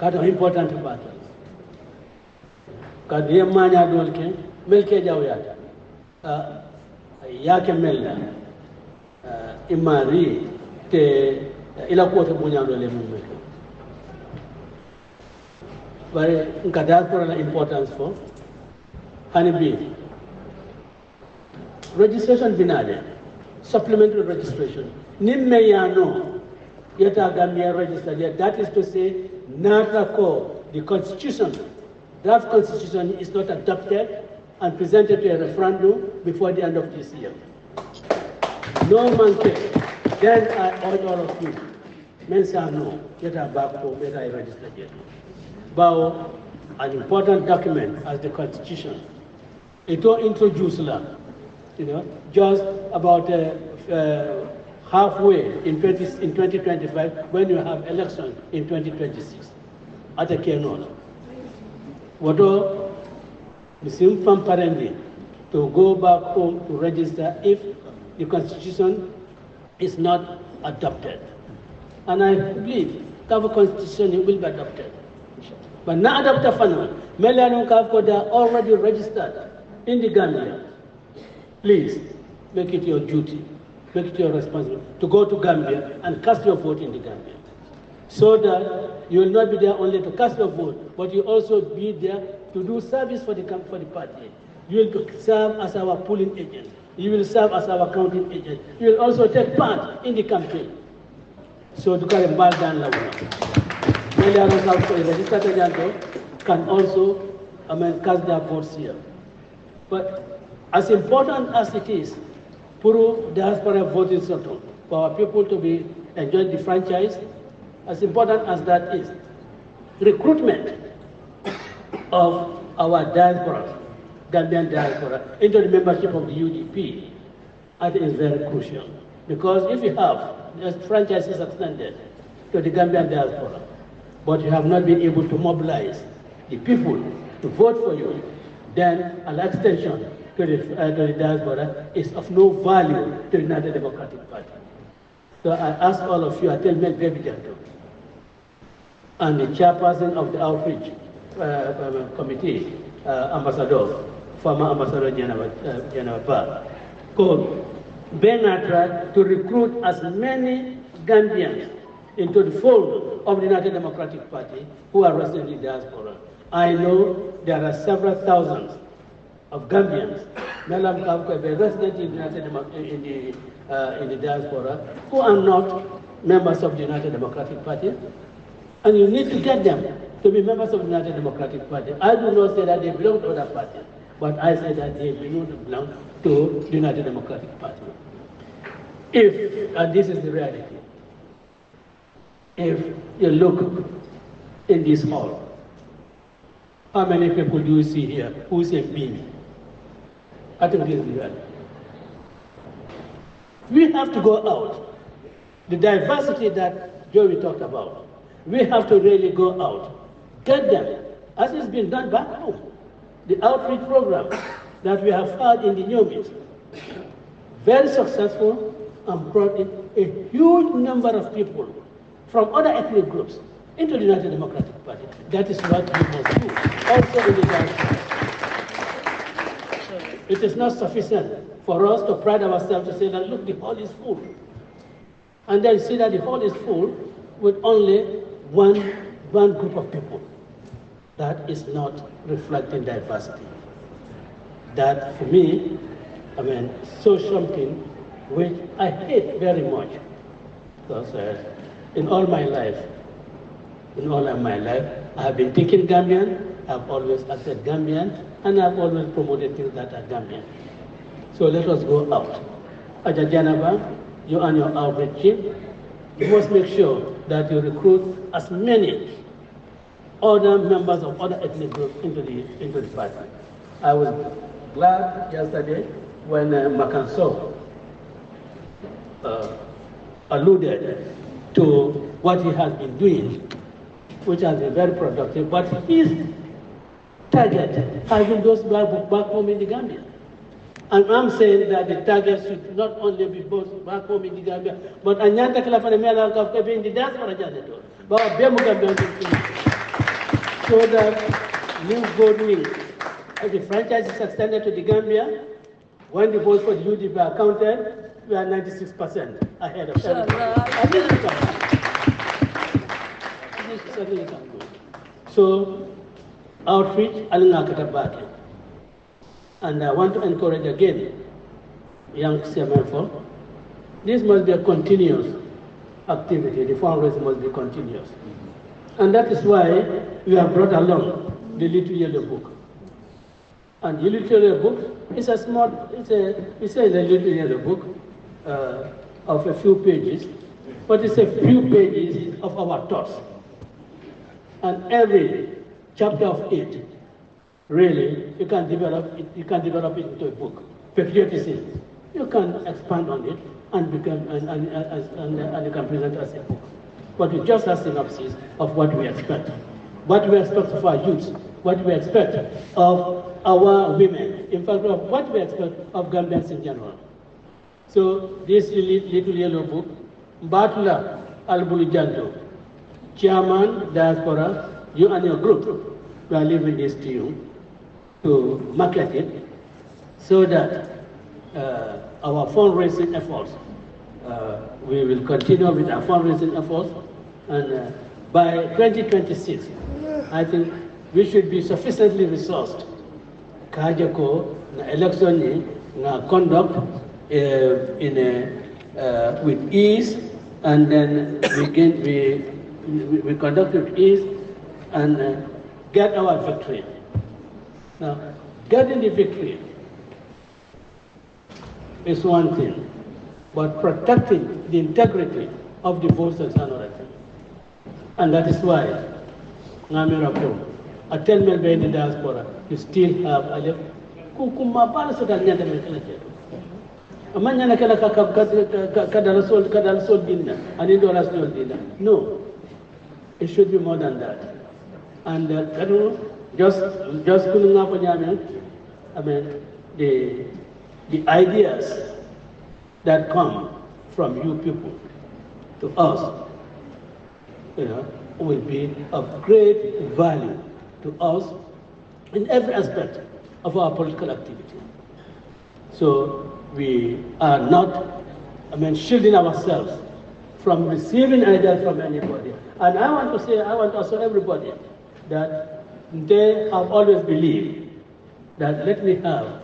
B: కాదు important బాత కాదు ఏం మాన్యా డోల్కే मिलके जाओ याद याके मिलना इमारी ते इलाकों से बुनियाद वाले मुंबई बारे इनका diaspora la importance for honeybee registration binade supplementary registration nimme ya no yet than mere registered yet. That is to say, NARA core, the constitution, draft constitution is not adopted and presented to a referendum before the end of this year. No monkey. Then I urge all of you, men say ah, no, get a back home, get her registered yet. But an important document as the constitution, it will introduce law, you know, just about uh, uh, halfway in, 20, in 2025 when you have election in 2026 What woto mi from parandi to go back home to register if the constitution is not adopted and i believe that constitution will be adopted but na adopta fana melanu kafko they are already registered in the gambia please make it your duty make it your responsibility to go to Gambia and cast your vote in the Gambia. So that you will not be there only to cast your vote, but you also be there to do service for the, for the party. You will serve as our polling agent. You will serve as our counting agent. You will also take part in the campaign. So to carry back down Laguna. Many others can also I mean, cast their votes here. But as important as it is Puru diaspora voting center for our people to be enjoying the franchise, as important as that is. Recruitment of our diaspora, Gambian diaspora, into the membership of the UDP, I think is very crucial. Because if you have, the franchise is extended to the Gambian diaspora, but you have not been able to mobilize the people to vote for you, then an extension the diaspora is of no value to the United Democratic Party. So I ask all of you, I tell Meg Davidanto, and the chairperson of the outreach uh, um, um, committee, uh, Ambassador, former Ambassador General, uh, General called Benatra to recruit as many Gambians into the fold of the United Democratic Party who are resident in diaspora. I know there are several thousands of Gambians, male and resident in the United Demo in the, uh, in the diaspora, who are not members of the United Democratic Party, and you need to get them to be members of the United Democratic Party. I do not say that they belong to other party, but I say that they belong to the United Democratic Party. If, and this is the reality, if you look in this hall, how many people do you see here who say me? the We have to go out. The diversity that Joey talked about, we have to really go out. Get them, as it's been done back home. The outreach program that we have had in the new meet, very successful and brought in a huge number of people from other ethnic groups into the United Democratic Party. That is what we must do, also in the diaspora. It is not sufficient for us to pride ourselves to say that, look, the hall is full. And then see that the hall is full with only one, one group of people. That is not reflecting diversity. That for me, I mean, so something which I hate very much. Because uh, in all my life, in all of my life, I have been thinking Gambian, I've always acted Gambian, and I've always promoted things that are Gambian. So let us go out. Ajajanaba, you and your outreach team, you must make sure that you recruit as many other members of other ethnic groups into the, into the party. I was glad yesterday when uh, Makanso uh, alluded to what he has been doing, which has been very productive, but he's target having those black folk back home in the Gambia. And I'm saying that the target should not only be both back home in the Gambia, but anyanta kila fana mia na kafuka in the diaspora jana to. Bawa bia mugambia So that new gold wing, as the franchise is extended to the Gambia, when the votes for the UDP are counted, we are 96% ahead
A: of everybody.
B: So outreach And I want to encourage again young CMFO, this must be a continuous activity. The fundraising must be continuous. And that is why we have brought along the Little Yellow Book. And the Little Yellow Book is a small, it's a, it's a Little Yellow Book uh, of a few pages, but it's a few pages of our thoughts. And every chapter of it, really, you can develop it, you can develop it into a book. Patriotism, you can expand on it and become and, and, and, and you can present as a book. But we just a synopsis of what we expect, what we expect of our youth, what we expect of our women, in fact, of what we expect of Gambians in general. So this little yellow book, Batla Albulujanto, Chairman Diaspora you and your group, we are leaving this to you to market it so that uh, our fundraising efforts, uh, we will continue with our fundraising efforts and uh, by 2026, I think we should be sufficiently resourced. Kajako, na election na conduct uh, in a, uh, with ease and then we, can, we, we conduct with ease and uh, get our victory. Now, getting the victory is one thing, but protecting the integrity of the votes is another thing. And that is why, Ngami Rapo, attainment in the diaspora, you still have a kukuma na sa kanya da mekala jeto. Amanya na kala kada rasol kada rasol dinna, anindo dinna. No, it should be more than that and uh, just just pulling up on I mean the the ideas that come from you people to us, you know, will be of great value to us in every aspect of our political activity. So we are not, I mean, shielding ourselves from receiving ideas from anybody. And I want to say, I want also everybody that they have always believed that let me have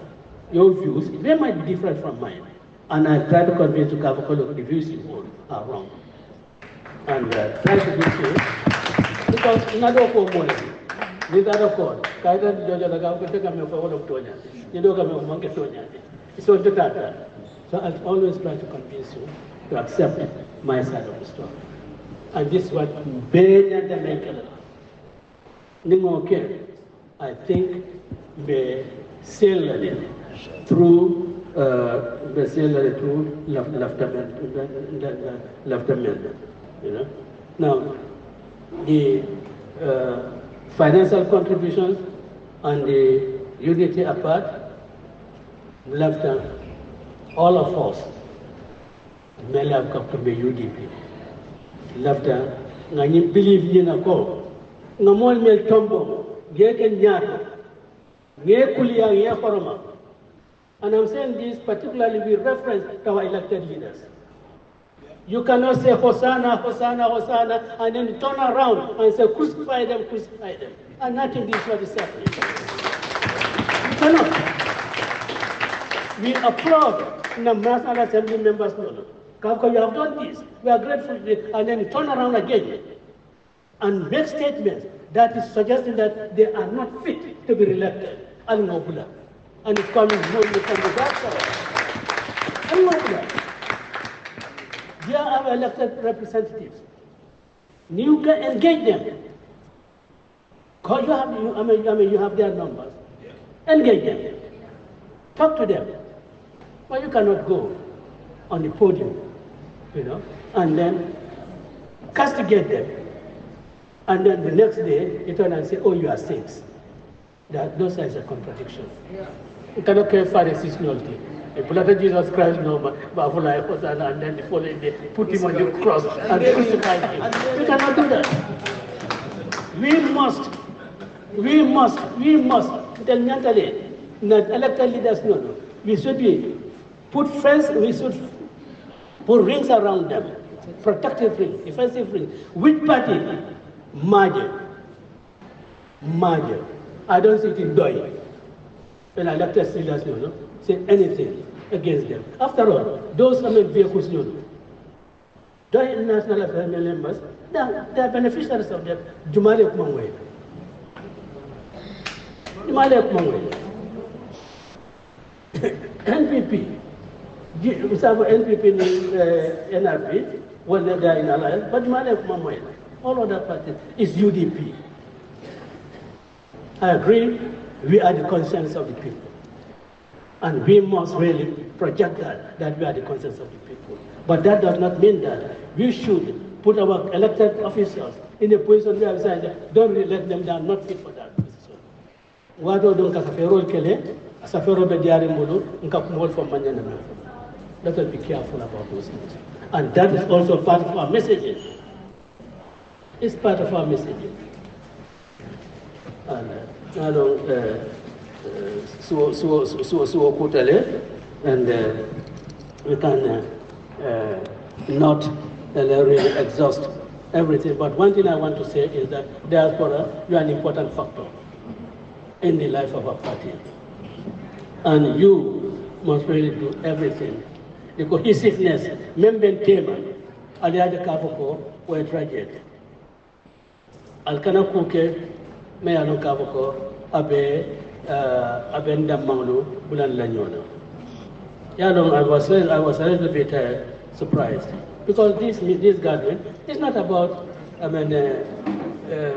B: your views. They might be different from mine. And I try to convince you that the views you hold are wrong. And uh, try to do so. Because in other words, these are the court. Kaida Jojo Lagawa took me for one of Tonya. You know, all am a Tonya. So, so I always try to convince you to accept my side of the story. And this is what made the maker. Ningoke, I think, be salary through the uh, salary through left left amendment. You know. Now, the uh, financial contributions and the unity apart, left all of us, to the UDP, left I believe in a call mel and i'm saying this particularly with reference to our elected leaders you cannot say hosanna hosanna hosanna and then turn around and say crucify them crucify them and nothing is what is happening you cannot we applaud national assembly members no no you have done this we are grateful and then turn around again and make statements that is suggesting that they are not fit to be elected. Ali And it's coming from the backside. They are elected representatives. You can engage them. Because you have, you, I, mean, I mean, you have their numbers. Engage them. Talk to them. But you cannot go on the podium, you know, and then castigate them. And then the next day, you turn and say, oh, you are saints. That, those are a contradiction. Yeah. You cannot care for a seasonality. They planted Jesus Christ no but Bavula Hosanna and then the following day put him on the cross and crucify him. We cannot do that. We must, we must, we must tell intelligently, not elected leaders, no, no. We should be put fence, we should put rings around them, protective rings, defensive rings, Which party Magic. Magic. I don't see it in Doi. And I left us serious, you know, say anything against them. After all, those are my vehicles, you know. Doi International Family members, they are beneficiaries of that. Jumale Kumangwe. Jumale Kumangwe. NPP, we NPP in uh, NRP, when they are in alliance, but Jumale Kumangwe all other parties, is UDP. I agree, we are the conscience of the people. And we must really project that, that we are the conscience of the people. But that does not mean that we should put our elected officials in a position where we say, don't really let them, down, not fit for that position. Wado don ka safero kele, safero be diari mulu, nka kumol from manyana Let us be careful about those things. And that is also part of our messages is part of our mission, alors suwo so so so so and uh, we can uh, uh not uh, really exhaust everything but one thing i want to say is that diaspora you are an important factor in the life of our party and you must really do everything the cohesiveness memben tema aliaja kapo ko tragic alkana kuke me yano kabo ko abe uh, abe ndam manglu bulan la nyona ya i was i was a little bit uh, surprised because this this gathering is not about i mean uh,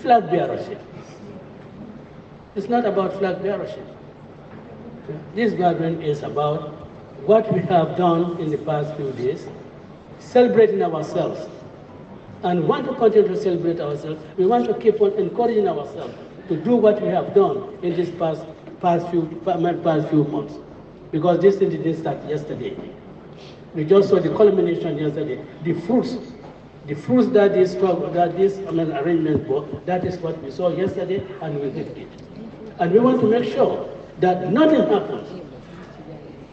B: flag bearership it's not about flag bearership this garden is about what we have done in the past few days celebrating ourselves and want to continue to celebrate ourselves. We want to keep on encouraging ourselves to do what we have done in these past, past, few, past few months. Because this thing didn't start yesterday. We just saw the culmination yesterday. The fruits, the fruits that this, that this I mean, arrangement brought, that is what we saw yesterday and we did it. And we want to make sure that nothing happens.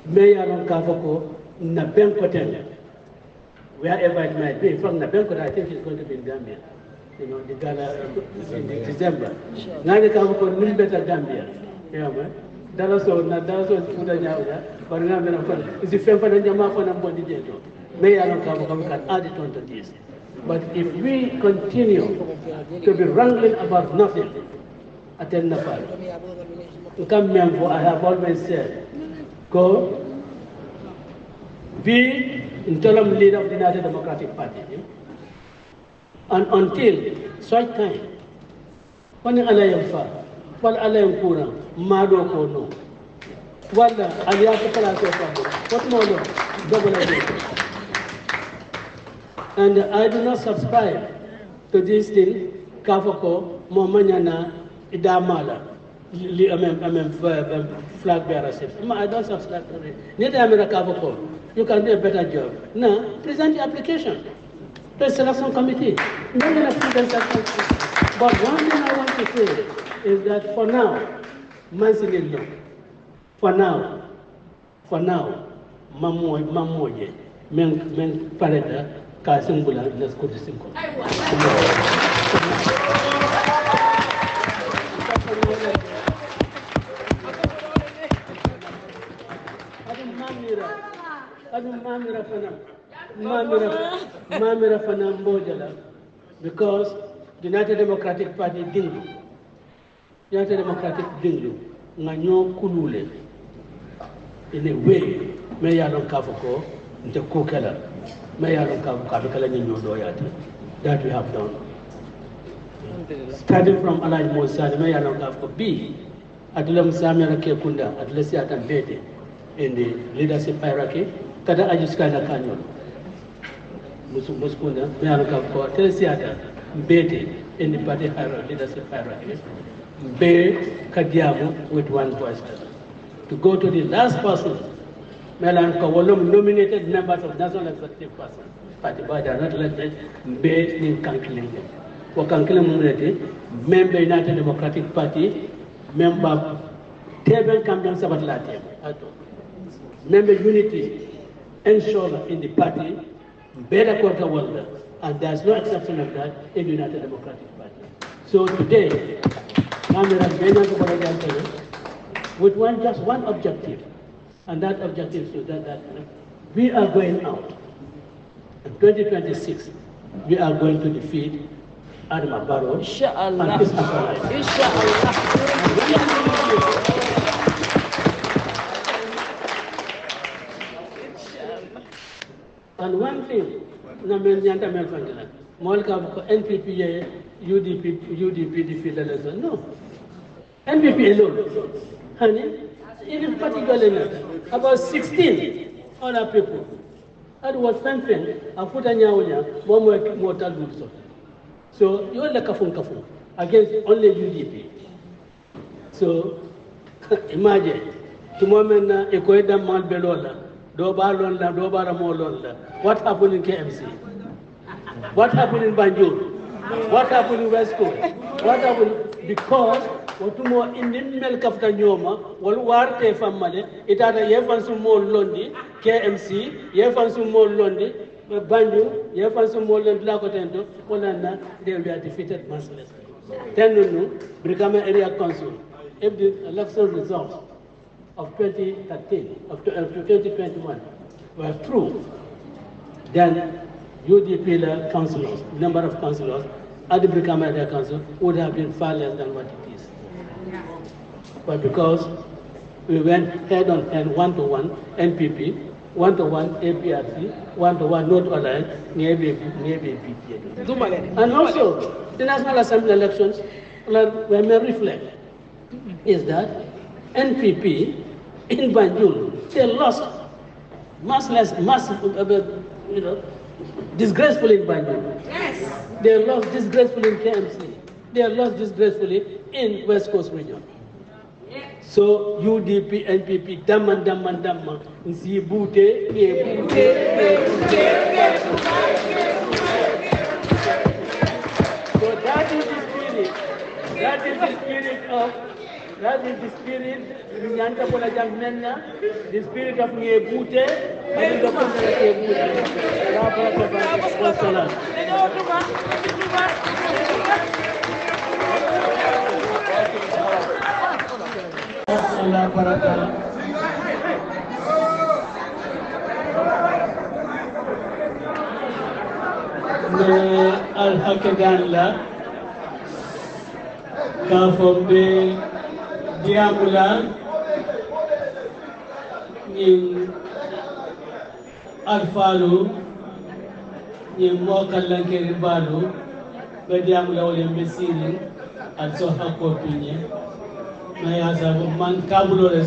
B: Mayor Nkavoko, Nabenkoten, wherever it might be. From Nabenko, I think it's going to be in Gambia. You know, the Ghana,
A: in uh, December.
B: Nanga kama ko nul beta Gambia. Yeah, man. Dala so na dala so fuda nyauda, but na mena ko. Isi fempa na nyama ko na mbondi jeto. May I don't come come can add it onto this. But if we continue to be wrangling about nothing, attend Nepal. Come, for I have always said, go be interim leader of the United Democratic Party. And until such time, when ana yin fa, when ana yin kuna, mado ko no. Wannan an ya fi what more no, double again. And I do not subscribe to this thing, Kafako, Momanyana, Idamala même, même flag bearer ships. I don't have flag bearer. Neither America overcome. You can do a better job. Now, present the application to the selection committee. No one But one thing I want to say is that for now, Mansi no. For now, for now, mamoja men men pareda kasungula na skudisinko. Aiwa. mbojala because the united democratic party the united democratic dinglu nga kulule in a way mais yalon kafo ko nte ko kala mais yalon kafo kala ñi doyati that we have done starting from alaj Mosa, sadi mais yalon kafo ko bi adulam samira ke kunda adulasi in the leadership hierarchy kada aji skana kanyon musu muskuna miano kam ko tele siata mbete in the party hierarchy leadership hierarchy be kadiamu with one voice to go to the last person melan ko nominated members of national executive person party not be ko rete member united democratic party member kam dan sabat la ato member unity that in the party, better quarter was that. And there's no exception of that in the United Democratic Party. So today, with one just one objective, and that objective is that, that we are going out. In 2026, we are going to defeat Adam Barrow. Inshallah. Inshallah. And one thing, Molka NPP, UDP, UDP defeated No. NPP alone. Honey,
A: in particular,
B: about 16 other people. That was something I put a nyawanya, one more mortal group. So you are the kafun kafun against only UDP. So imagine, tomorrow, Ekoeda Malbelola. Doba Londa, Doba Ramo Londa. What happened in KMC? What happened in Banjul? What happened in West Coast? What happened? Because in, milk wotumo indin mel kafta ñooma wol warte fammade itata yefan summol londi kmc yefan summol londi banjul yefan summol londi la ko tento konanna they will be defeated mercilessly tennu nu brikama area council if the election results of 2013, of, 2021 were approved, then UDP councillors, number of councillors at the Brickamada Council would have been far less than what it is. But because we went head on head, one to one, NPP, one to one APRC, one to one not Alliance, NABP. And also, the National Assembly elections, where we reflect, is that NPP in Banjul. They lost massless, mass, uh, uh, you know, disgracefully in Banjul.
A: Yes.
B: They lost disgracefully in KMC. They lost disgracefully in West Coast region. So UDP, NPP, daman daman daman, nsi bute, ye bute, So that is the spirit.
A: That is the
B: spirit of That is the spirit nyanta kola jang menna the spirit of nge bute and the kunda la ke bute la para ta ba wa salam Allah barakatuh الحق دان لا
A: كافر بي triangular ñin
B: alfalu ñin mokal lan kéri balu ba diamu law le mesini al so hakko pinye na ya sa bu man kabulo le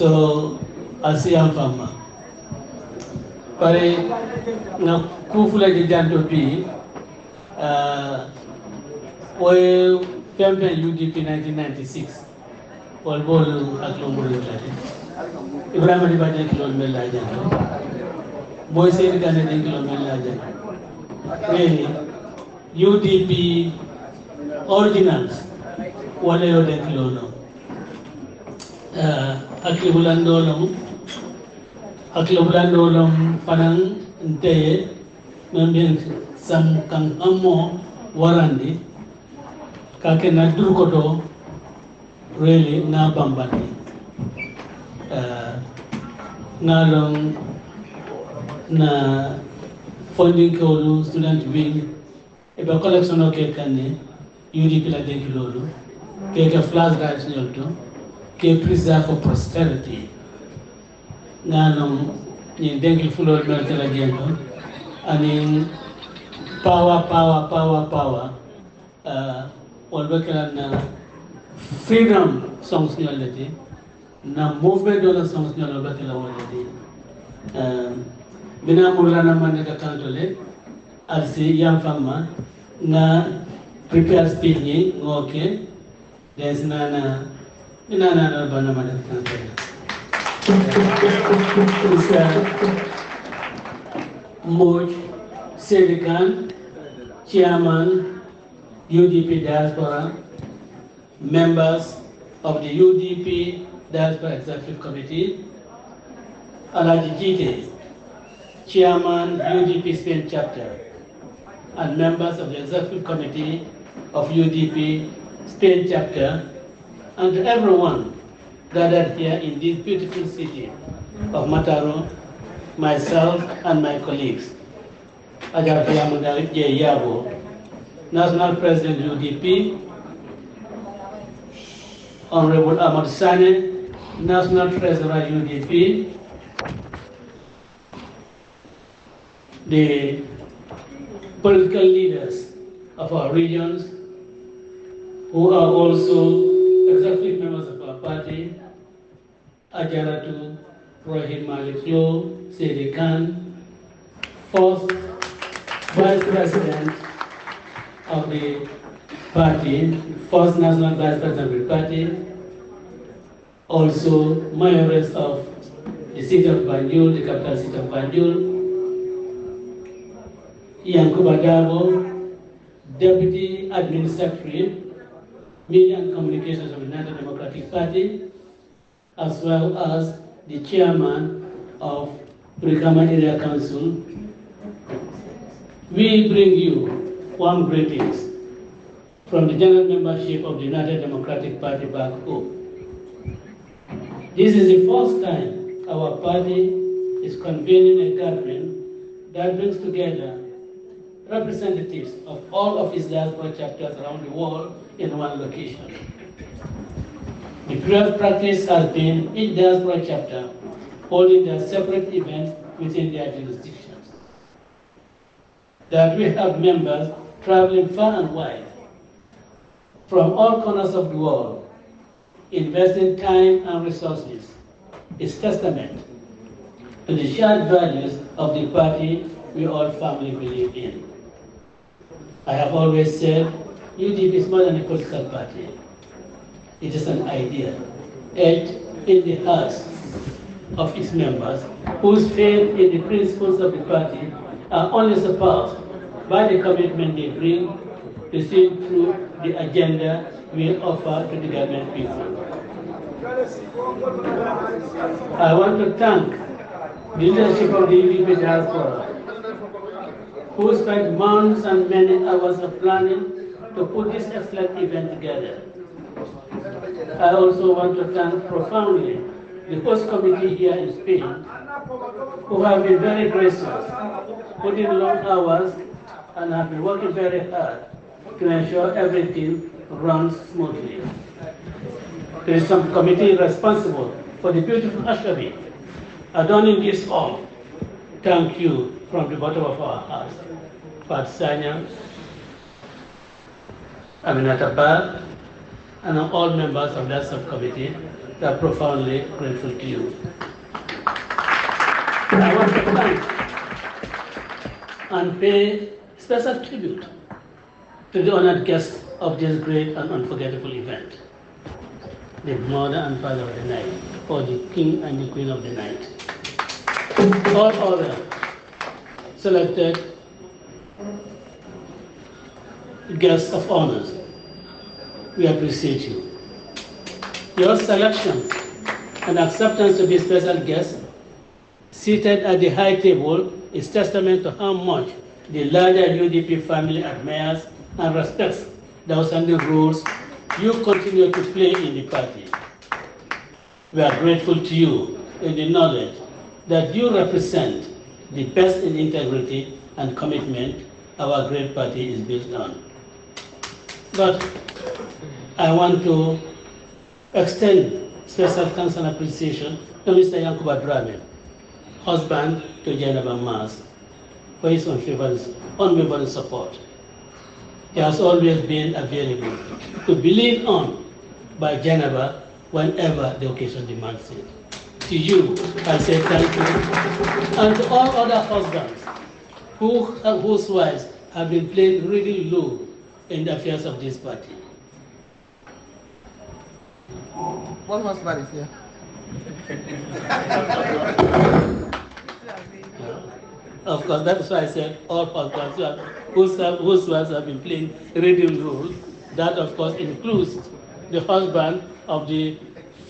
B: so asiyam fama pare na kufulede janto bi oye pempen udp 1996 wol bol ak lo mbolotade ibrahima diba den kilol mel la janto boy seydi gane den kilol mel la janto mais udp ordinance wala yo den kilo non aklibulan do nomu hakilabula dɔw la fana n tɛ ye mɛn bɛ samu kankan mɔ warandi ka kɛ na duuru kɔtɔ rele eh, n'a banbandi n'a lɔn na funding kɛ olu student wing e bɛ collection dɔ kɛ ka ne yuri pila den kilo olu k'e kɛ flash rights ɲɔgɔn k'e preserve for prosperity nanam ñin dengil fulol mer tela gento ani pawa pawa pawa pawa uh, wolɓe na freedom songs ñol leti na movement ɗola songs ñol wolɓe kela wol leti uh, mina murlana mande ka kantole arsi yam famma na prepare speed ñi ngooke des nana minananol banamade ka kantole is Moj Sedikan, Chairman, UDP Diaspora, members of the UDP Diaspora Executive Committee, Alaji Chairman, UDP Spain Chapter, and members of the Executive Committee of UDP Spain Chapter, and everyone gathered here in this beautiful city of Mataro, myself and my colleagues. Agafia Mugaye Yabo, National President UDP, Honorable Ahmad Sane, National Treasurer UDP, the political leaders of our regions who are also executive members of our party, Ajaratu Rahim Maliklo Sidi Khan, first Vice President of the party, first National Vice President of the party, also Mayoress of the city of Banjul, the capital city of Banjul, Yankuba Dabo, Deputy Administrative, Media and Communications of the National Democratic Party, as well as the chairman of Brikama Area Council, we bring you warm greetings from the general membership of the United Democratic Party back home. This is the first time our party is convening a gathering that brings together representatives of all of its diaspora chapters around the world in one location. The previous practice has been each diaspora chapter holding their separate events within their jurisdictions. That we have members traveling far and wide from all corners of the world, investing time and resources is testament to the shared values of the party we all firmly believe in. I have always said UDP is more than a political party. It is an idea. and in the hearts of its members, whose faith in the principles of the party are only surpassed by the commitment they bring to see through the agenda we offer to the government people. I want to thank the leadership of the UDP diaspora, who spent months and many hours of planning to put this excellent event together. I also want to thank profoundly the host committee here in Spain, who have been very gracious, put in long hours, and have been working very hard to ensure everything runs smoothly. There is some committee responsible for the beautiful ashtray adorning this hall. Thank you from the bottom of our hearts. Pat Sanya, Aminata and all members of that subcommittee. We are profoundly grateful to you. I want to thank and pay special tribute to the honored guests of this great and unforgettable event, the mother and father of the night, or the king and the queen of the night. All other selected guests of honors we appreciate you. Your selection and acceptance to be special guest seated at the high table is testament to how much the larger UDP family admires and respects the outstanding roles you continue to play in the party. We are grateful to you in the knowledge that you represent the best in integrity and commitment our great party is built on. But I want to extend special thanks and appreciation to Mr. Yankuba Drame, husband to Jennifer Mars, for his unwavering support. He has always been available to believe on by Geneva whenever the occasion demands it. To you, I say thank you. And to all other husbands who, whose wives have been playing really low in the affairs of this party. One
A: more slide is here.
B: of course, that's why I said all husbands whose husbands have been playing reading role. That, of course, includes the husband of the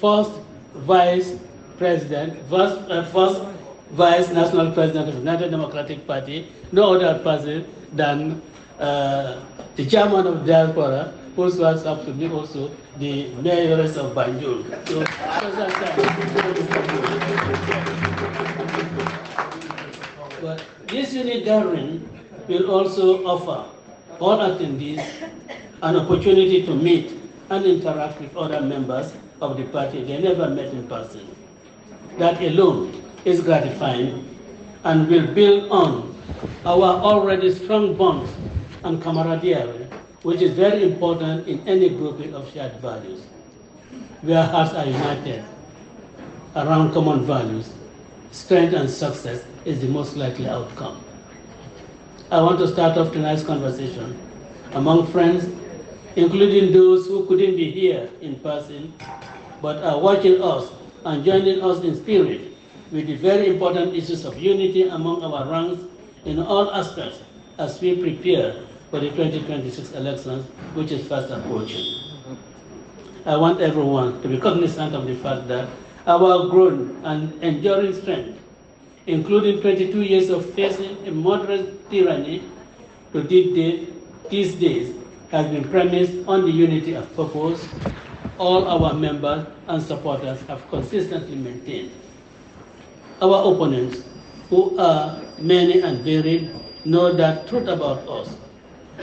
B: first vice president, first, uh, first vice national president of the United Democratic Party, no other person than uh, the chairman of Diaspora, also was up to me also the mayoress of Banjul. So, but this unit gathering will also offer all attendees an opportunity to meet and interact with other members of the party they never met in person. That alone is gratifying and will build on our already strong bonds and camaraderie, which is very important in any grouping of shared values. Where hearts are united around common values, strength and success is the most likely outcome. I want to start off tonight's conversation among friends, including those who couldn't be here in person, but are watching us and joining us in spirit with the very important issues of unity among our ranks in all aspects as we prepare for the 2026 elections, which is fast approaching. I want everyone to be cognizant of the fact that our grown and enduring strength, including 22 years of facing a moderate tyranny to these days, has been premised on the unity of purpose all our members and supporters have consistently maintained. Our opponents, who are many and varied, know that truth about us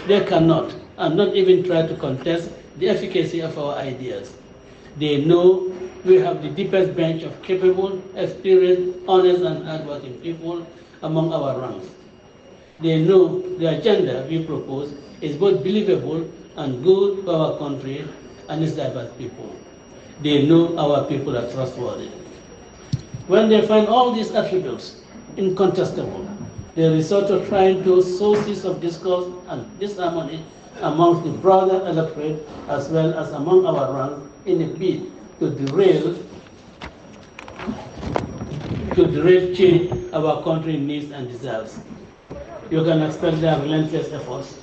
B: they cannot, and not even try to contest the efficacy of our ideas. They know we have the deepest bench of capable, experienced, honest, and hardworking people among our ranks. They know the agenda we propose is both believable and good for our country and its diverse people. They know our people are trustworthy. When they find all these attributes incontestable, the result of trying to sources of discourse and disharmony amongst the broader electorate as well as among our ranks in a bid to derail to derail change our country needs and deserves. You can expect their relentless efforts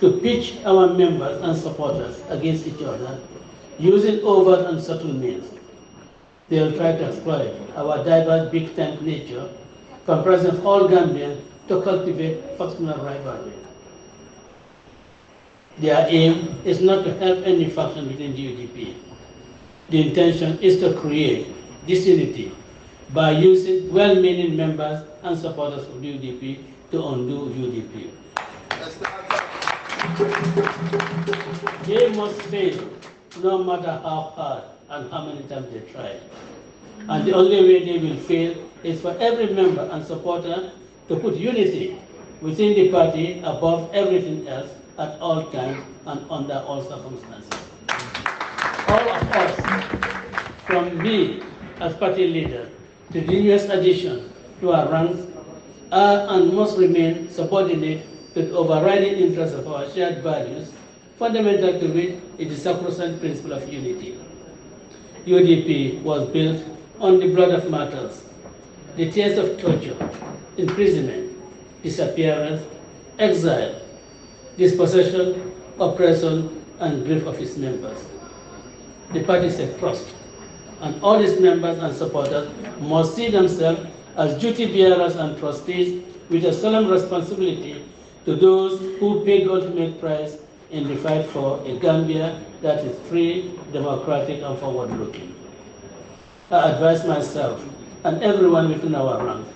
B: to pitch our members and supporters against each other using overt and subtle means. They will try to exploit our diverse big tent nature, comprising all Gambians to cultivate functional rivalry. Their aim is not to help any faction within the UDP. The intention is to create disunity by using well-meaning members and supporters of the UDP to undo UDP. They must fail, no matter how hard and how many times they try. And the only way they will fail is for every member and supporter to put unity within the party above everything else at all times and under all circumstances. All of us, from me as party leader to the newest addition to our ranks, are and must remain subordinate to the overriding interests of our shared values, fundamental to which is the sacrosanct principle of unity. UDP was built on the blood of martyrs, the tears of torture, imprisonment, disappearance, exile, dispossession, oppression, and grief of its members. The party is a trust, and all its members and supporters must see themselves as duty bearers and trustees with a solemn responsibility to those who pay the ultimate price in the fight for a Gambia that is free, democratic, and forward-looking. I advise myself and everyone within our ranks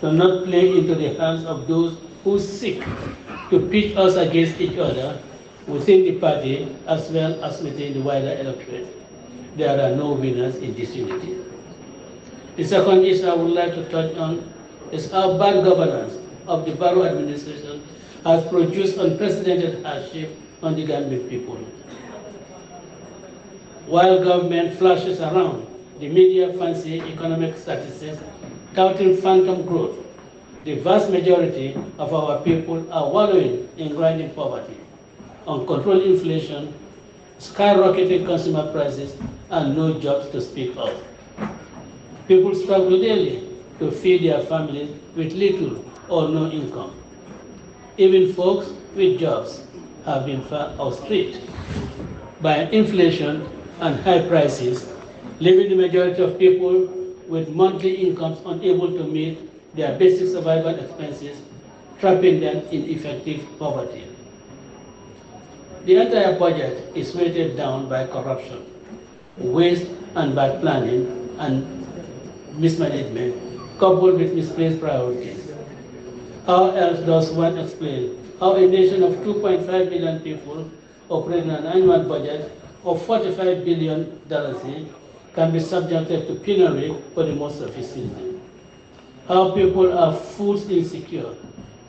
B: do not play into the hands of those who seek to pitch us against each other within the party as well as within the wider electorate. There are no winners in this unity. The second issue I would like to touch on is how bad governance of the Barrow administration has produced unprecedented hardship on the Gambian people. While government flashes around the media fancy economic statistics Counting phantom growth, the vast majority of our people are wallowing in grinding poverty, uncontrolled inflation, skyrocketing consumer prices, and no jobs to speak of. People struggle daily to feed their families with little or no income. Even folks with jobs have been outstripped by inflation and high prices, leaving the majority of people with monthly incomes unable to meet their basic survival expenses, trapping them in effective poverty. The entire budget is weighted down by corruption, waste and bad planning and mismanagement, coupled with misplaced priorities. How else does one explain how a nation of 2.5 million people operating an annual budget of 45 billion dollars can be subjected to penury for the most of his season. people are food insecure,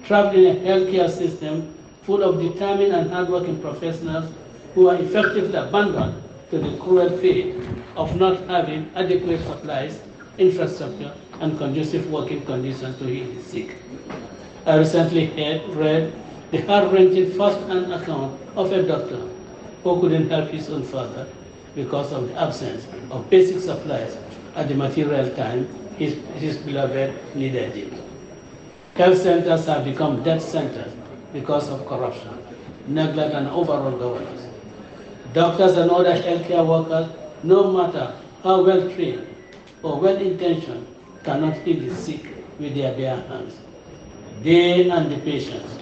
B: trapped in a healthcare system full of determined and hardworking professionals who are effectively abandoned to the cruel fate of not having adequate supplies, infrastructure, and conducive working conditions to heal the sick. I recently had read the heart-wrenching first-hand account of a doctor who couldn't help his own father because of the absence of basic supplies at the material time his, his beloved needed it. Health centers have become death centers because of corruption, neglect, and overall governance. Doctors and other healthcare workers, no matter how well trained or well intentioned, cannot heal the sick with their bare hands. They and the patients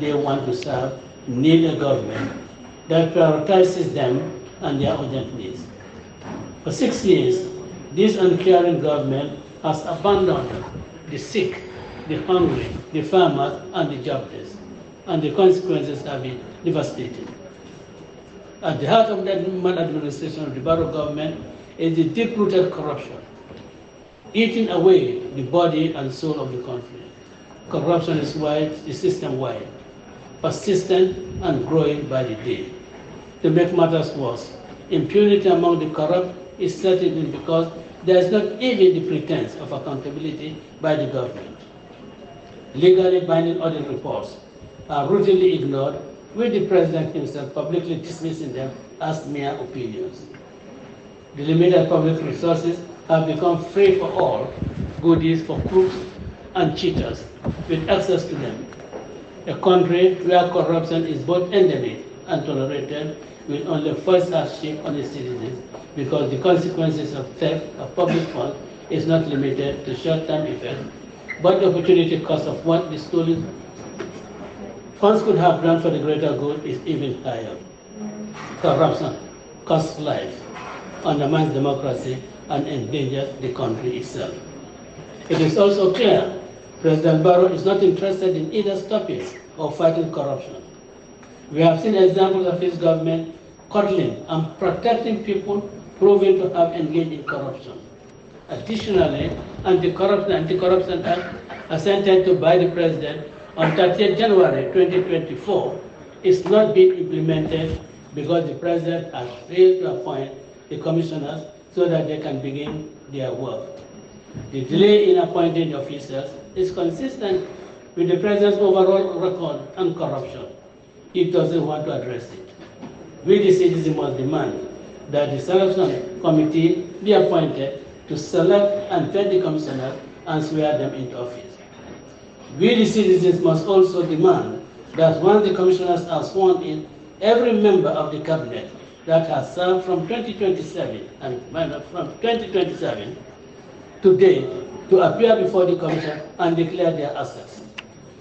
B: they want to serve need a government that prioritizes them and their urgent needs. For six years, this uncaring government has abandoned the sick, the hungry, the farmers, and the jobless, and the consequences have been devastating. At the heart of that maladministration of the Barrow government is the deep-rooted corruption, eating away the body and soul of the country. Corruption is wide, is system-wide, persistent and growing by the day to make matters worse. Impunity among the corrupt is certain because there is not even the pretense of accountability by the government. Legally binding audit reports are routinely ignored, with the president himself publicly dismissing them as mere opinions. The limited public resources have become free for all, goodies for crooks and cheaters with access to them. A country where corruption is both endemic and tolerated will only force hardship on the citizens because the consequences of theft of public funds is not limited to short-term effects, but the opportunity cost of what the stolen funds could have done for the greater good is even higher. Corruption costs lives, undermines democracy, and endangers the country itself. It is also clear President Barrow is not interested in either stopping or fighting corruption. We have seen examples of his government curling and protecting people proven to have engaged in corruption. Additionally, Anti-Corruption Anti-Corruption Act assented to by the President on 30 January 2024 is not being implemented because the President has failed to appoint the commissioners so that they can begin their work. The delay in appointing the officers is consistent with the President's overall record on corruption. He doesn't want to address it really citizens must demand that the selection committee be appointed to select and vet the commissioners and swear them into office. We the citizens must also demand that once the commissioners are sworn in, every member of the cabinet that has served from 2027 and from 2027 today to appear before the commission and declare their assets.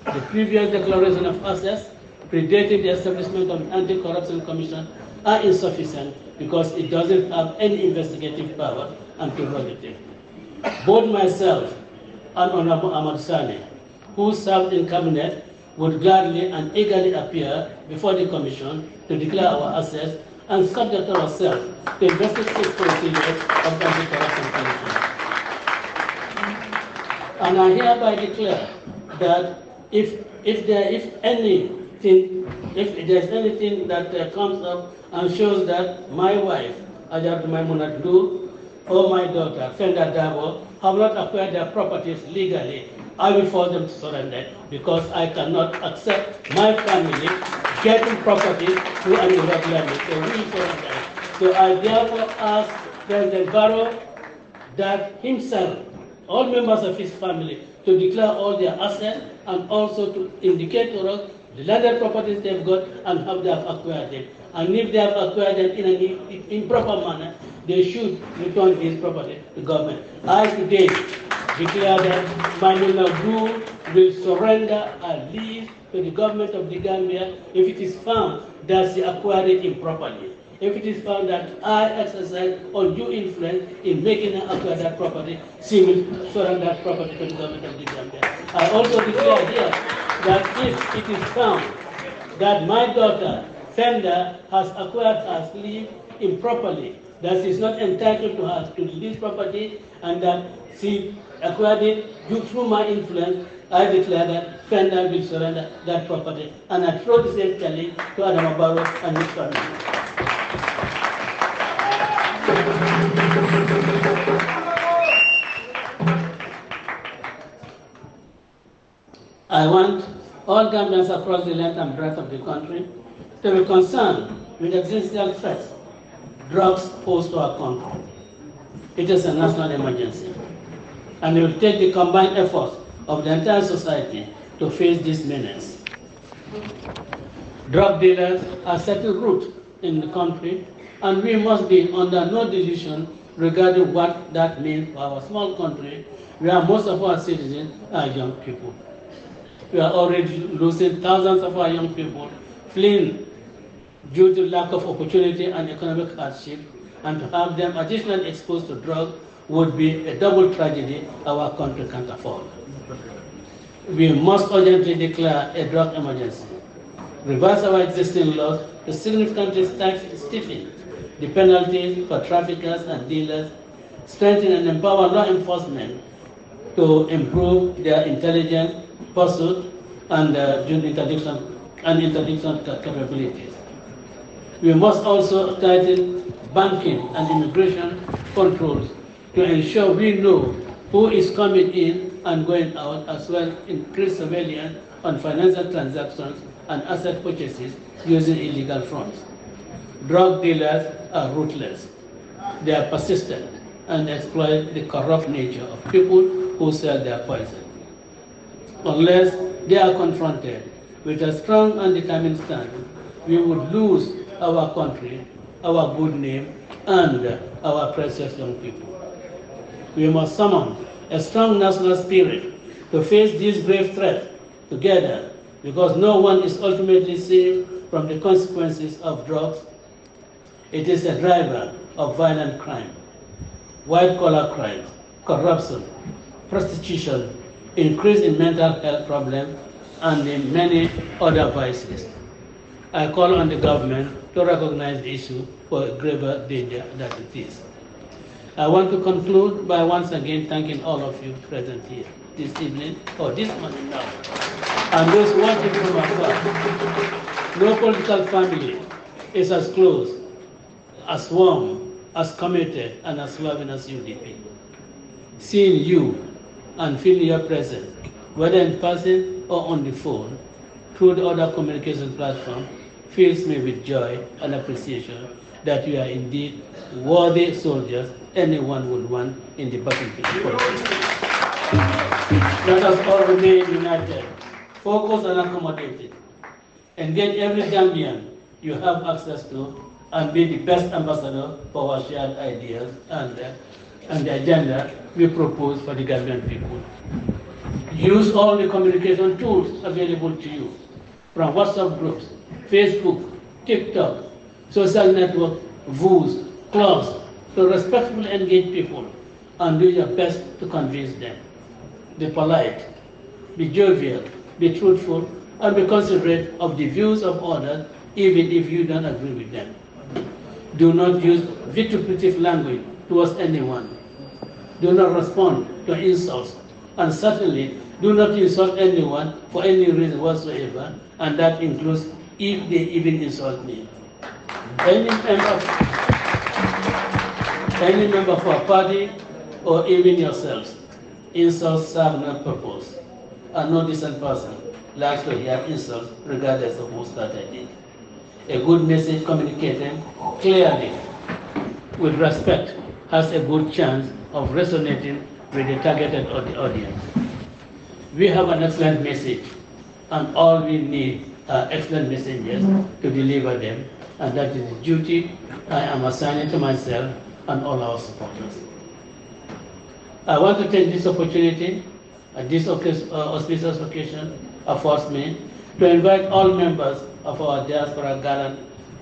B: The previous declaration of assets predating the establishment of the anti-corruption commission are insufficient because it doesn't have any investigative power and prerogative. Both myself and Honorable Ahmad Sani, who served in cabinet, would gladly and eagerly appear before the commission to declare our assets and subject ourselves to investigative procedures of anti-corruption commission. And I hereby declare that if, if there is any if there's anything that uh, comes up and shows that my wife, Ajab Maimuna do, or my daughter, Fenda Davo, have not acquired their properties legally, I will force them to surrender because I cannot accept my family getting property through an irregular means. So we So I therefore ask President Barrow that himself, all members of his family, to declare all their assets and also to indicate to us the landed properties they've got and how they have acquired them. And if they have acquired them in an improper manner, they should return this property to government. I today declare that Manuel Nagu will surrender a lease to the government of the Gambia if it is found that she acquired it improperly if it is found that I exercise undue influence in making an acquire that property, she will surrender that property to the government of the Gambia. I also declare here that if it is found that my daughter, Fender, has acquired as leave improperly, that she is not entitled to her to this property, and that she acquired it due through my influence, I declare that Fender will surrender that property. And I throw this telling to Adam Barrow and his family. I want all governments across the length and breadth of the country to be concerned with the existential threats drugs pose to our country. It is a national emergency. And it will take the combined efforts of the entire society to face this menace. Drug dealers are setting root in the country and we must be under no delusion regarding what that means for our small country, where most of our citizens are young people. We are already losing thousands of our young people fleeing due to lack of opportunity and economic hardship, and to have them additionally exposed to drugs would be a double tragedy our country can't afford. We must urgently declare a drug emergency, Reverse our existing laws to significantly stiffen the penalties for traffickers and dealers, strengthen and empower law enforcement to improve their intelligence, pursuit, and uh, interdiction and interdiction capabilities. We must also tighten banking and immigration controls to ensure we know who is coming in and going out, as well increase surveillance on financial transactions and asset purchases using illegal fronts. Drug dealers are ruthless. They are persistent and exploit the corrupt nature of people who sell their poison. Unless they are confronted with a strong and determined stand, we would lose our country, our good name, and our precious young people. We must summon a strong national spirit to face this grave threat together because no one is ultimately safe from the consequences of drugs it is a driver of violent crime, white-collar crime, corruption, prostitution, increase in mental health problems, and in many other vices. I call on the government to recognize the issue for a graver danger that it is. I want to conclude by once again thanking all of you present here this evening or this morning now, and those watching from afar. No political family is as close as warm, as committed, and as loving as you did. Seeing you and feeling your presence, whether in person or on the phone, through the other communication platform, fills me with joy and appreciation that you are indeed worthy soldiers anyone would want in the battlefield. Let us all remain united, focused and accommodated, and get every Gambian you have access to and be the best ambassador for our shared ideas and, uh, and the agenda we propose for the Gambian people. Use all the communication tools available to you, from WhatsApp groups, Facebook, TikTok, social network, VOOs, clubs, to respectfully engage people and do your best to convince them. Be polite, be jovial, be truthful, and be considerate of the views of others even if you don't agree with them. Do not use vituperative language towards anyone. Do not respond to insults. And certainly, do not insult anyone for any reason whatsoever, and that includes if they even insult me. Any member, any member for a party, or even yourselves, insults serve no purpose. And no decent person likes to hear insults regardless of who started it a good message communicated clearly with respect has a good chance of resonating with the targeted audience. We have an excellent message, and all we need are excellent messengers to deliver them, and that is the duty I am assigning to myself and all our supporters. I want to take this opportunity, uh, this auspicious occasion affords me, to invite all members of our diaspora gala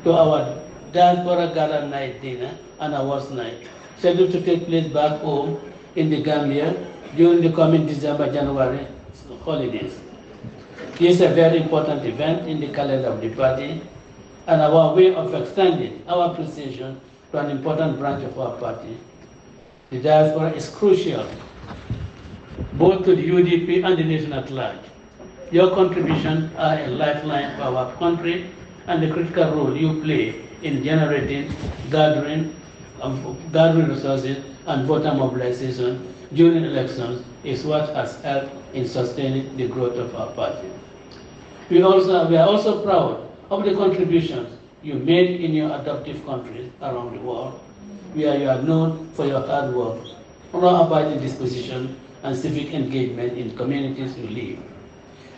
B: to our diaspora gala night dinner eh? and awards night, scheduled to take place back home in the Gambia during the coming December January holidays. This is a very important event in the calendar of the party and our way of extending our appreciation to an important branch of our party. The diaspora is crucial both to the UDP and the nation at large. Your contributions are a lifeline for our country and the critical role you play in generating, gathering, um, gathering resources and voter mobilization during elections is what has helped in sustaining the growth of our party. We, also, we are also proud of the contributions you made in your adoptive countries around the world, where you are known for your hard work, law-abiding disposition, and civic engagement in communities you live.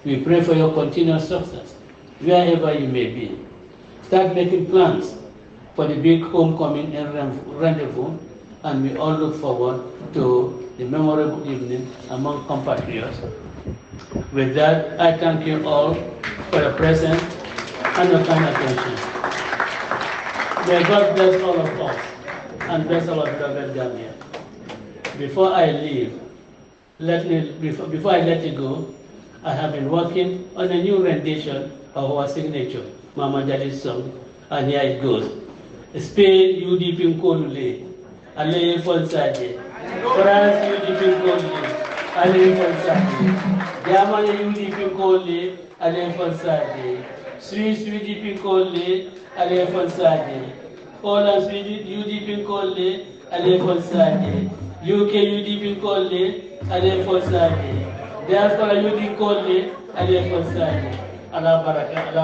B: We pray for your continuous success, wherever you may be. Start making plans for the big homecoming and rendezvous, and we all look forward to the memorable evening among compatriots. With that, I thank you all for your presence and your kind attention. May God bless all of us and bless of beloved Gambia. Before I leave, let me before, before I let you go, I have been working on a new rendition of our signature, Mama Jali's song, and here it goes. Spain, UDP Nkolule, Alain Fonsaje, France, UDP Nkolule, Alain Fonsaje, Germany, UDP Nkolule, Alain Fonsaje, Swiss, UDP Nkolule, Alain Fonsaje, Holland, UDP Nkolule, Alain Fonsaje, UK, UDP Nkolule, Alain Fonsaje, diaspora youth college aliyekosaje ala baraka ala